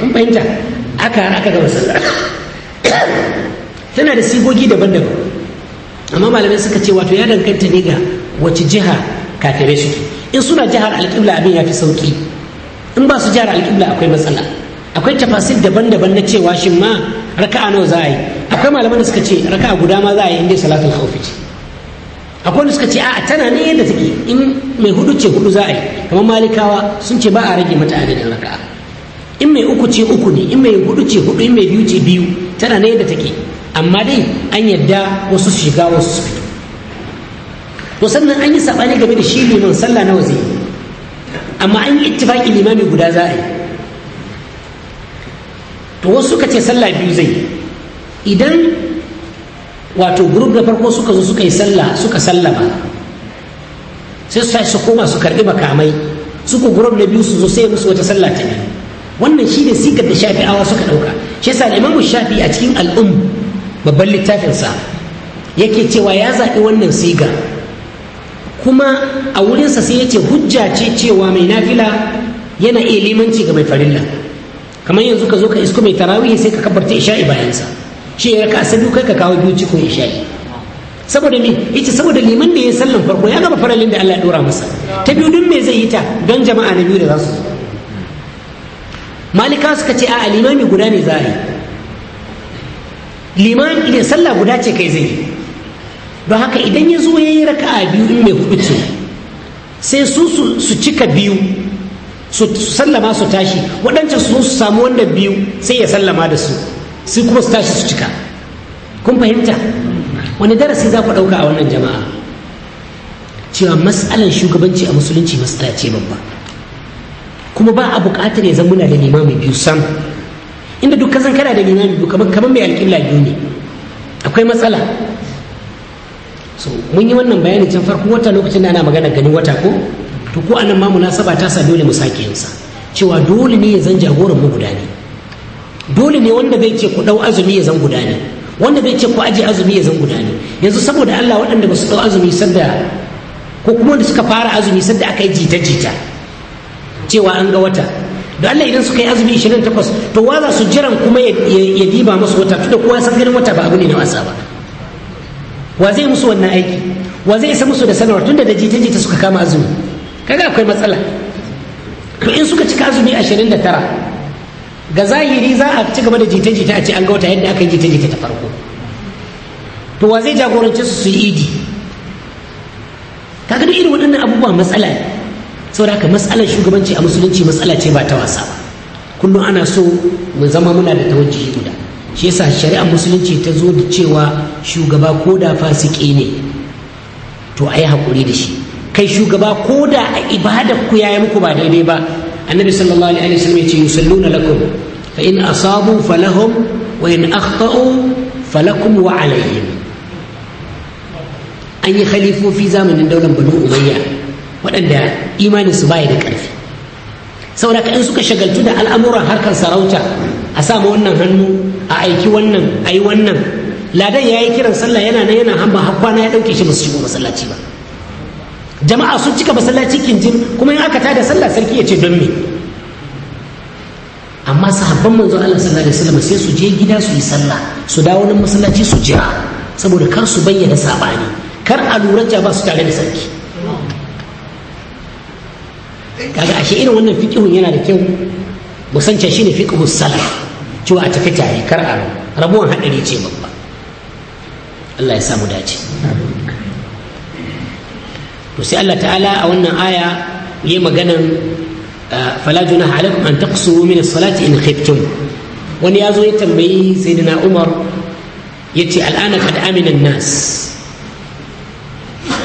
A: kun fahimta aka aka gama sallah tana da sigogi daban-daban amma malamai suka ce wato ya danganta ne ga wace jiha kafirai su in suna jihar alƙibla abin ya fi sauƙi in ba su jihar alƙibla akwai matsala akwai tafasir daban-daban na cewa shin ma raka'a nawa za a yi akwai malaman da suka ce raka'a guda ma za a yi inda salatul khawfi ce akwai wanda suka ce a tana ne yadda take in mai hudu ce hudu za a yi kamar malikawa sun ce ba a rage mata adadin raka'a in mai uku ce uku ne in mai hudu ce hudu in mai biyu ce biyu tana ne yadda take amma dai an yadda wasu su shiga wasu su fito to sannan an yi saɓani game da shi liman sallah nawa zai amma an yi ittifaki limami guda za a yi to wasu suka ce sallah biyu zai idan wato gurub da farko suka zo suka yi sallah suka sallama sai su su koma su karbi makamai suku group na biyu su zo sai musu wata sallah ta biyu wannan shi ne sigar da shafi'awa suka ɗauka shi yasa imam shafi a cikin al'um babban sa yake cewa ya zaɓi wannan siga kuma a wurinsa sai ya ce hujja ce cewa mai nafila yana iya limanci ga mai farilla kamar yanzu ka zo ka isko mai tarawih sai ka kabarta isha'i bayansa shi ya raka sadu kai ka kawo biyu ciko ya shayi saboda me ita saboda liman da ya sallan farko ya gaba faralin da Allah ya dora masa ta biyu duk me zai yi ta don jama'a na biyu da za su malika suka ce a limami guda ne za a yi liman da sallah guda ce kai zai yi don haka idan ya zo ya yi raka'a biyu in mai hudu ce sai su su cika biyu su sallama su tashi waɗancan su su samu wanda biyu sai ya sallama da su sai kuma su tashi su cika kun fahimta wani darasi za ku ɗauka a wannan jama'a cewa matsalan shugabanci a musulunci matsala ce babba kuma ba a buƙatar ya zama muna da limami biyu sam inda duk kasan kana da limami biyu kamar mai alƙibla biyu ne akwai matsala so mun yi wannan bayani can farko wata lokacin da ana magana ganin wata ko to ko anan ma munasaba ta sa dole mu sake yinsa cewa dole ne ya zan jagoran mu guda ne dole ne wanda zai ce ku ɗau azumi ya zan guda ne wanda zai ce ku aje azumi ya zan guda ne yanzu saboda Allah waɗanda ba su ɗau azumi sadda ko kuma wanda suka fara azumi sadda aka yi jita-jita cewa an ga wata da Allah idan suka yi azumi 28 to wa za su jiran kuma ya diba musu wata tunda kowa san ganin wata ba abu ne na wasa ba wa zai musu wannan aiki wa zai isa musu da sanarwa tunda da jita-jita suka kama azumi kaga akwai matsala to in suka cika azumi 29 ga zahiri za a ci gaba da jita-jita a ce an ga wata yadda aka yi jita-jita ta farko to wa zai jagorance su su yi idi Ka gani irin waɗannan abubuwa matsala ne saboda haka matsalar shugabanci a musulunci matsala ce ba ta wasa ba kullum ana so mu zama muna da ta guda shi yasa shari'ar musulunci ta zo da cewa shugaba ko da fasike ne to a yi haƙuri da shi kai shugaba ko da a ibadar ku yaya muku ba daidai ba annabi sallallahu alaihi wasallam yace yusalluna lakum fa in asabu falahum wa in akhta'u falakum wa an yi khalifofi zamanin daular banu umayya waɗanda imani su baya da ƙarfi saboda in suka shagaltu da al'amuran harkar sarauta a sama wannan hannu a aiki wannan a yi wannan ladan ya yi kiran sallah yana nan yana hamba har kwana ya ɗauke shi ba su shigo masallaci ba jama'a sun cika masallaci kinjin kuma in aka tada sallah sarki ya ce don me amma sahabban manzo Allah sallallahu alaihi wasallam sai su je gida su yi sallah su dawo nan masallaci su jira saboda kar su bayyana sabani kar a lura ba su tare da sarki kaga ashe irin wannan fiqhun yana da kyau mu san cewa shine fiqhu sallah cewa a tafi tare kar a rabuwan hadari ce babba Allah ya samu dace to sai Allah ta'ala a wannan aya yayi maganan ah, fala junaha alaikum an taqsuru min as-salati in khiftum wani yazo ya tambayi sayyidina Umar yace al'ana kad amina nas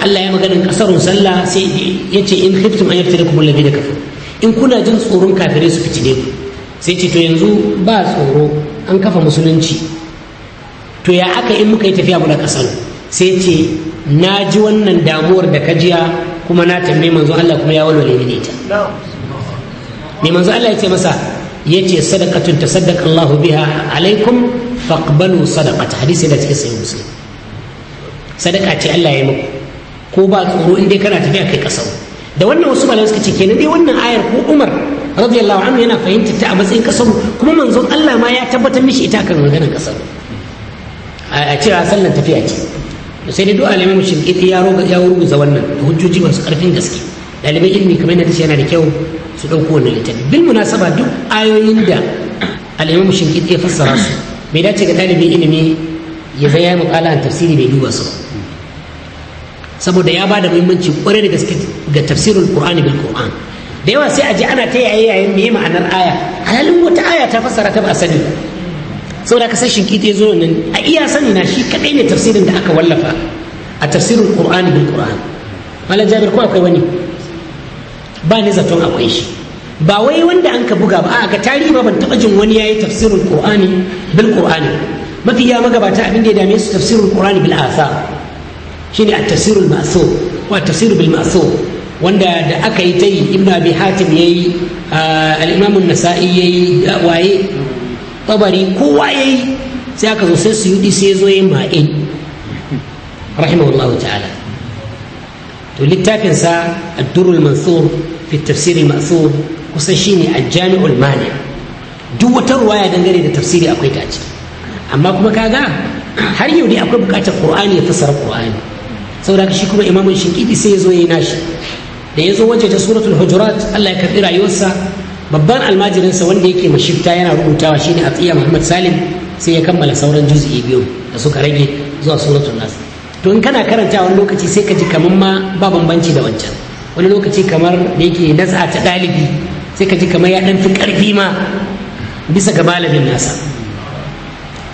A: Allah ya maganan kasarun sallah sai yace in khiftum an yaftirakum alladhina kafaru in kuna jin tsoron kafirai su fitine ku sai ce to yanzu ba tsoro an kafa musulunci to ya aka in muka yi tafiya muna kasarun sai ce na ji wannan damuwar da kajiya kuma na tambayi manzo Allah kuma ya walwale mini ta ne manzo Allah ya ce masa ya ce sadaqatun tasaddaqa Allah biha alaikum faqbalu sadaqata hadisi da cikin sahih muslim sadaka ce Allah ya muku ko ba tsoro in dai kana tafiya kai kasau da wannan wasu malamai suka ce kenan dai wannan ayar ko Umar radiyallahu anhu yana fahimtar ta a matsayin kasar kuma manzon Allah ma ya tabbatar mishi ita kan maganar kasar a cewa sallan tafiya ce sai dai du'a limamu shirkiti ya ya rubuta wannan da hujjoji masu karfin gaske ɗalibai ilimi kamar yadda yana da kyau su ɗauko wannan littafi bil munasaba duk ayoyin da al'imamu shirkiti ya fassara su bai dace ga ɗalibin ilimi ya zai yi muƙala a tafsiri bai duba su saboda ya ba da muhimmanci kwarai da gaske ga tafsirin qur'ani bil qur'an da yawa sai a ji ana ta yayi yayin me ma'anar aya halin wata aya ta fassara ta ba sani saboda ka sai shinkiti ya zo nan a iya sani na shi kadai ne tafsirin da aka wallafa a tafsirin qur'ani bil qur'an malam jabir ko akwai wani ba ni zaton akwai shi ba wai wanda an ka buga ba a ga tarihi ba ban taba jin wani yayi tafsirin qur'ani bil qur'ani mafi ya magabata abin da ya dame su tafsirin qur'ani bil asa shine at-tafsir masu mathur wa tafsir bil wanda da aka yi ta yi ibn abi hatim yayi ah, al-imam an-nasa'i yayi waye tabari kowa ya yi sai aka zo sai suyudi sai zo ya ma'in rahimahullah ta'ala to littafinsa addurul mansur fi tafsiri kusan shine a jamiul mani duk wata ruwaya dangane da tafsiri akwai ta ciki amma kuma kaga har yau dai akwai bukatar qur'ani ya fassara qur'ani saboda shi kuma imamun shinkidi sai ya zo ya yi nashi da ya zo wajen ta suratul hujurat Allah ya karbi rayuwarsa babban almajirinsa wanda yake mashifta yana rubutawa shine tsiya muhammad salim sai ya kammala sauran juz'i biyu da suka rage zuwa suratul nas to in kana karanta wani lokaci sai ka ji kaman ma ba bambanci da wancan wani lokaci kamar da yake nasa ta ɗalibi sai ka ji kamar ya ɗan fi ƙarfi ma bisa ga malamin nasa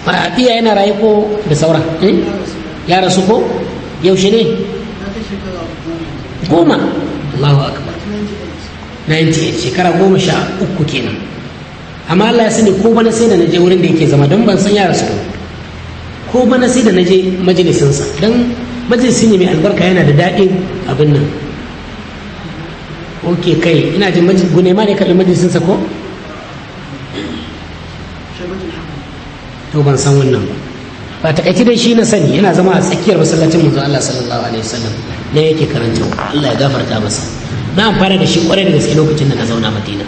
A: a atiya yana raye ko da sauran eh? ya rasu ko yaushe ne goma allahu akbar 98 shekara goma sha uku kenan amma Allah ya sani ko bana sai da naje wurin da yake zama don ban san yara su ba ko bana sai da naje majalisinsa don majalisin ne mai albarka yana da daɗin abin nan ok kai ina jin gune ma ne karɓi majalisinsa ko to ban san wannan ba ba takaice dai shi na sani yana zama a tsakiyar masallacin manzo Allah sallallahu alaihi wasallam ne yake karanta Allah ya gafarta masa na amfana da shi kwarai da gaske lokacin da ka zauna madina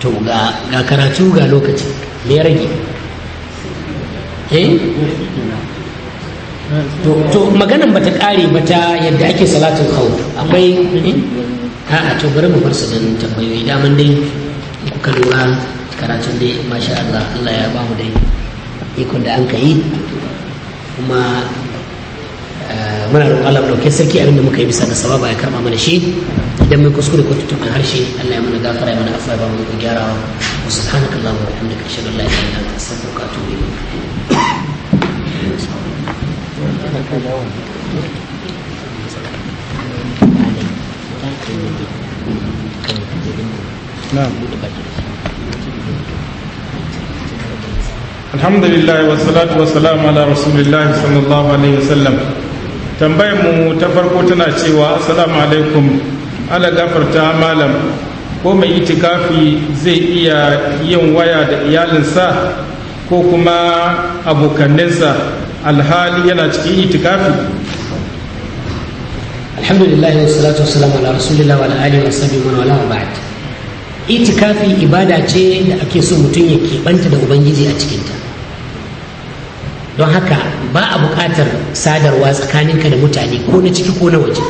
A: to ga karatu ga lokaci me ya rage eh? to maganan bata kare ba ta yadda ake salatin kawo akwai eh? a to bari mu farsa dan tambayoyi daman dai kuka lura karatun dai masha Allah Allah ya ba mu dai ikon da an ka yi kuma muna roƙon Allah ɗauke sarki abinda muka yi bisa da sababa ya karɓa mana shi idan mai kuskure ko tutukan harshe Allah ya mana gafara ya mana afuwa ba mu gyara wa subhanakallahu wa bihamdika ashhadu an la ilaha illa anta astaghfiruka wa atubu
D: نعم
C: الحمد لله والصلاة والسلام على رسول الله صلى الله عليه وسلم tambayin mu ta farko tana cewa assalamu alaikum ala gafarta malam ko mai itikafi zai iya yin waya da iyalinsa ko kuma abokaninsa alhali yana cikin itikafi
A: alhamdulillah wa salatu wa salamu ala rasulillah wa ala alihi wa sahbihi wa wala ba'd itikafi ibada ce da ake so mutum ya keɓanta da ubangiji a cikinta don haka ba a buƙatar sadarwa tsakaninka da mutane ko na ciki ko na waje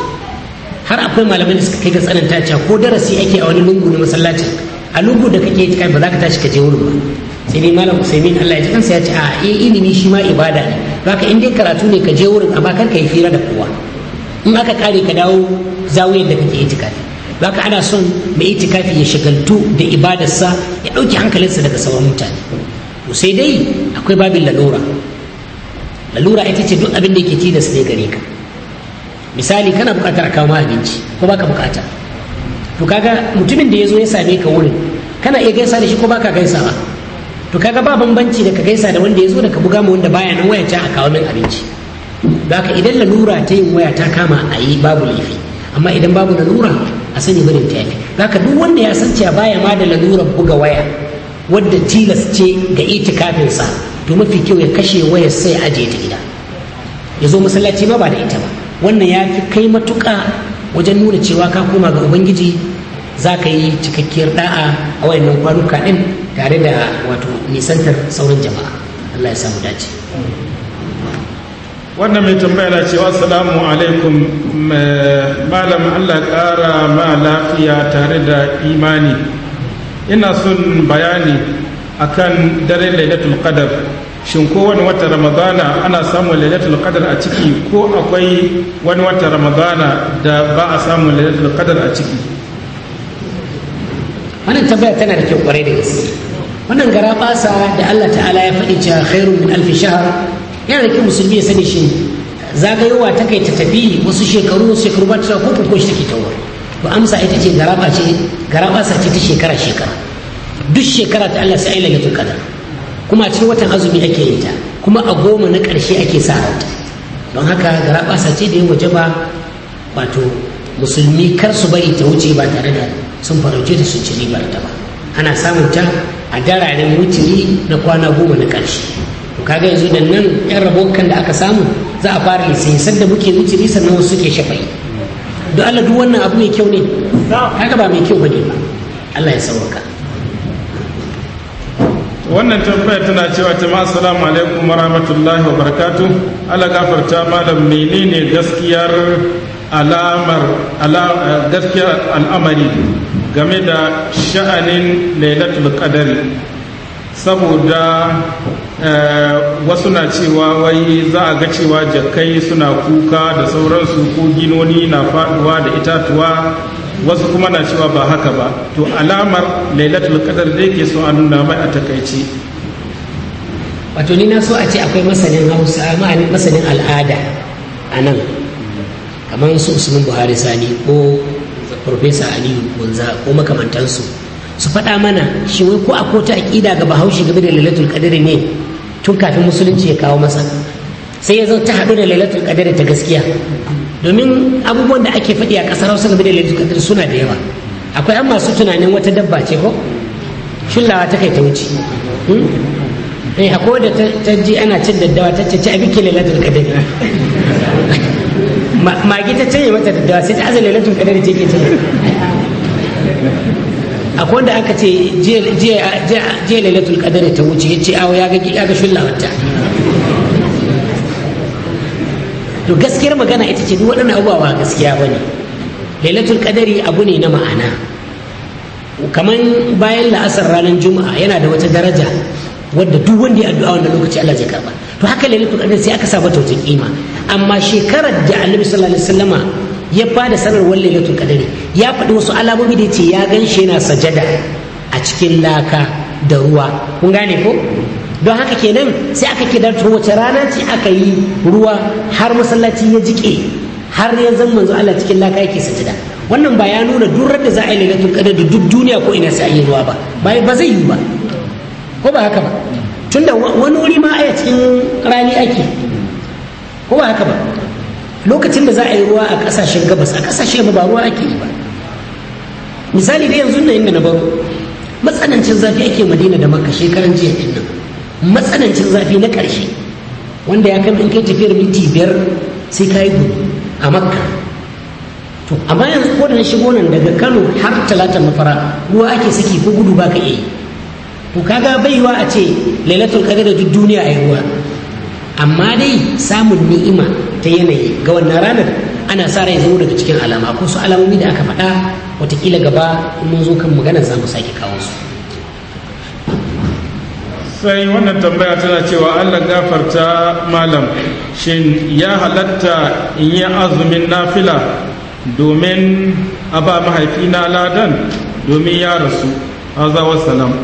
A: har akwai malamai da suka kai ga tsananta cewa ko darasi ake a wani lungu na masallacin a lungu da kake yi kai ba za ka tashi ka je wurin ba sai dai malam Usaimin Allah ya ji kansa ya ce a eh ilimi shi ma ibada ne baka in dai karatu ne ka je wurin amma kar ka yi fira da kowa in aka kare ka dawo zawiyar da kake itikafi baka ana son mai itikafi ya shagaltu da ibadarsa ya ɗauki hankalinsa daga sauran mutane to sai dai akwai babin lalura lalura ita ce duk abin da yake tilas ne gare ka misali kana buƙatar a abinci ko baka buƙata to kaga mutumin da ya zo ya same ka wurin kana iya gaisa da shi ko baka gaisa ba to kaga ba bambanci da ka gaisa da wanda ya zo da ka buga ma wanda baya nan waya ta a kawo min abinci haka idan lalura ta yin waya ta kama a yi babu laifi amma idan babu lalura a sani barin ta yafi haka duk wanda ya san cewa baya ma da lalura buga waya wadda tilas ce ga sa. to mafi kyau ya kashe wayar sai ya ajiye ta gida ya zo masallaci ma ba da ita ba wannan ya fi kai matuƙa wajen nuna cewa ka koma ga ubangiji za ka yi cikakkiyar da'a a wayannan kwanuka ɗin tare da wato nisantar sauran jama'a allah ya samu dace
C: wannan mai tambaya da cewa assalamu alaikum malam allah ƙara ma lafiya tare da imani ina son bayani akan daren lailatul qadar shin ko wani wata ramadana ana samun lailatul qadar a ciki ko akwai wani wata ramadana da ba a samun lailatul qadar a ciki
A: wannan tambaya tana da kyau kwarai da wannan gara basa da Allah ta'ala ya faɗi cewa khairun min alfi shahar yana da kyau musulmi ya sani shi zagayowa ta kai ta tafi wasu shekaru wasu shekaru ba ta ko ko shi take tawo ba amsa ita ce garaba ce garaba ce ta shekara shekara duk shekara ta Allah sai ai lailatul kada kuma a cikin watan azumi ake yin ta kuma a goma na ƙarshe ake sa hauta don haka gara basa ce da yin waje ba, wato musulmi kar su bari ta wuce ba tare da sun farauke ta sun ci ribar ta ba ana samun ta a dararen wuturi na kwana goma na ƙarshe to kaga yanzu da nan yan rabokan da aka samu za a fara lissafi sadda muke wuturi sannan wasu suke shafai don Allah duk wannan abu mai kyau ne haka ba mai kyau bane ba Allah ya sauka wannan tambayar tana cewa ta ma
C: assalamu alaikum wa rahmatullahi wa barakatu ala gafarta malam menene gaskiyar alamar gaskiyar al'amari game da sha'anin lailatul qadari saboda eh, wasu na cewa wai za a ga cewa jakai suna kuka da sauransu ko ginoni na faduwa da itatuwa wasu kuma na cewa ba haka ba to alamar lailatul qadar da yake so a nuna mai a takaici
A: wato ni na so a ce akwai masanin hausa masanin al'ada a nan kamar su usman buhari sani ko profesa aliyu gunza ko makamantansu su faɗa mana shi wai ko a kota aƙida ga bahaushe game da lailatul qadar ne tun kafin musulunci ya kawo masa sai ya zo ta haɗu da lailatul qadar ta gaskiya domin abubuwan da ake faɗi a ƙasar hausa game da laifukan suna da yawa akwai an masu tunanin wata dabba ce ko shullawa ta kai ta wuce hmm? eh akwai da ta ji ana cin daddawa ta ce ci abin ke lailatul qadr (laughs) magi ta canye mata daddawa sai ta aza lailatul qadr ce ke A akwai wanda aka ce jiya lailatul qadr ta wuce ya ce awo ya ga shullawar ta to gaskiyar magana ita ce duk waɗannan abubuwa ba gaskiya ba ne lailatul qadari abu ne na ma'ana kamar bayan la'asar ranar juma'a yana da wata daraja wadda duk wanda ya addu'a wannan lokaci Allah zai karba to haka lailatul sai aka sa mata wata kima amma shekarar da Annabi sallallahu alaihi wasallama ya bada sanarwar lailatul qadari ya faɗi wasu alamomi da yace ya ganshi yana sajada a cikin laka da ruwa kun gane ko don haka kenan sai aka kidarta wace rana ce aka yi ruwa har masallaci ya jike har ya zan manzo Allah cikin laka yake sajida wannan ba ya nuna durar da za a yi lailatul qadar da duk duniya ko ina sai a yi ruwa ba ba zai yi ba ko ba haka ba tunda wani wuri ma a cikin rani ake ko ba haka ba lokacin da za a yi ruwa a kasashen gabas a kasashen ba ruwa ake yi ba misali da yanzu na inda na baro matsanancin zafi ake madina da makka shekaran jiya din nan matsanancin zafi na ƙarshe wanda ya kai in kai tafiyar minti biyar sai ka yi gudu a makka to a bayan kodin na shigo nan daga kano har talatin mafara ruwa ake saki ko gudu ba ka iya to kaga baiwa a ce lailatul da duk duniya a ruwa amma dai samun ni'ima ta yanayi ga wannan ranar ana sa rai zama daga cikin alama ko su alamomi da aka faɗa watakila gaba in mun zo kan magana za mu sake kawo su
C: sai wannan tambaya tana cewa allah gafarta malam shin ya halatta in yi azumin nafila domin a ba mahaifina ladan domin ya rasu haza salam.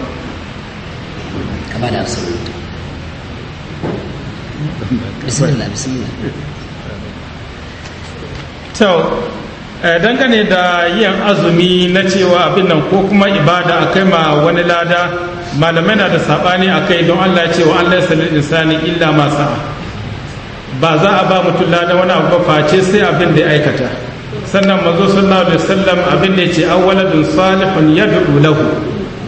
C: to eh, dangane da yin azumi na cewa abin nan ko kuma ibada a kai ma wani lada malamai na da saɓani a kai don allah ce wa allah ya insani illa ma sa'a ba za a ba mutum lada wani abu ba face sai abin da ya aikata sannan mazo sallallahu alaihi wasallam abin da ya ce awwaladun salihun yad'u lahu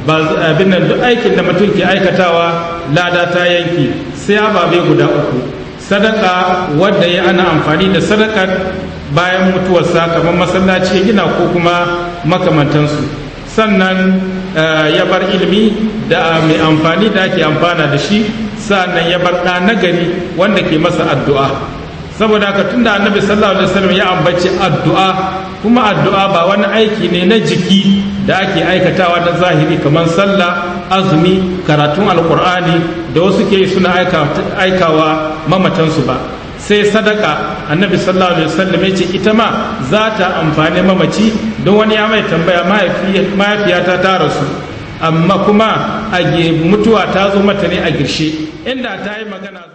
C: ba abin nan duk aikin da mutum ke aikatawa lada ta yanki sai ababe guda uku sadaka wanda ya ana amfani da sadakar bayan mutuwarsa kamar masallaci gina ko kuma makamantansu sannan Eh, ya bar ilimi da ah, mai amfani da ake amfana da shi sa'annan ya bar ɗa nagari wanda ke masa addu'a saboda ka tunda annabi sallallahu alaihi wasallam ya ambaci addu'a kuma addu'a ba wani aiki ne na jiki da ake aikatawa na zahiri kamar sallah azumi karatun alkur'ani da wasu ke suna aikawa mamatansu ba sai sadaka annabi sallallahu alaihi wasallam ya ce ita ma za ta amfani mamaci don wani ya mai tambaya mahaifiyata ta rasu amma kuma a mutuwa ta zo mata ne a girshe
D: inda ta yi magana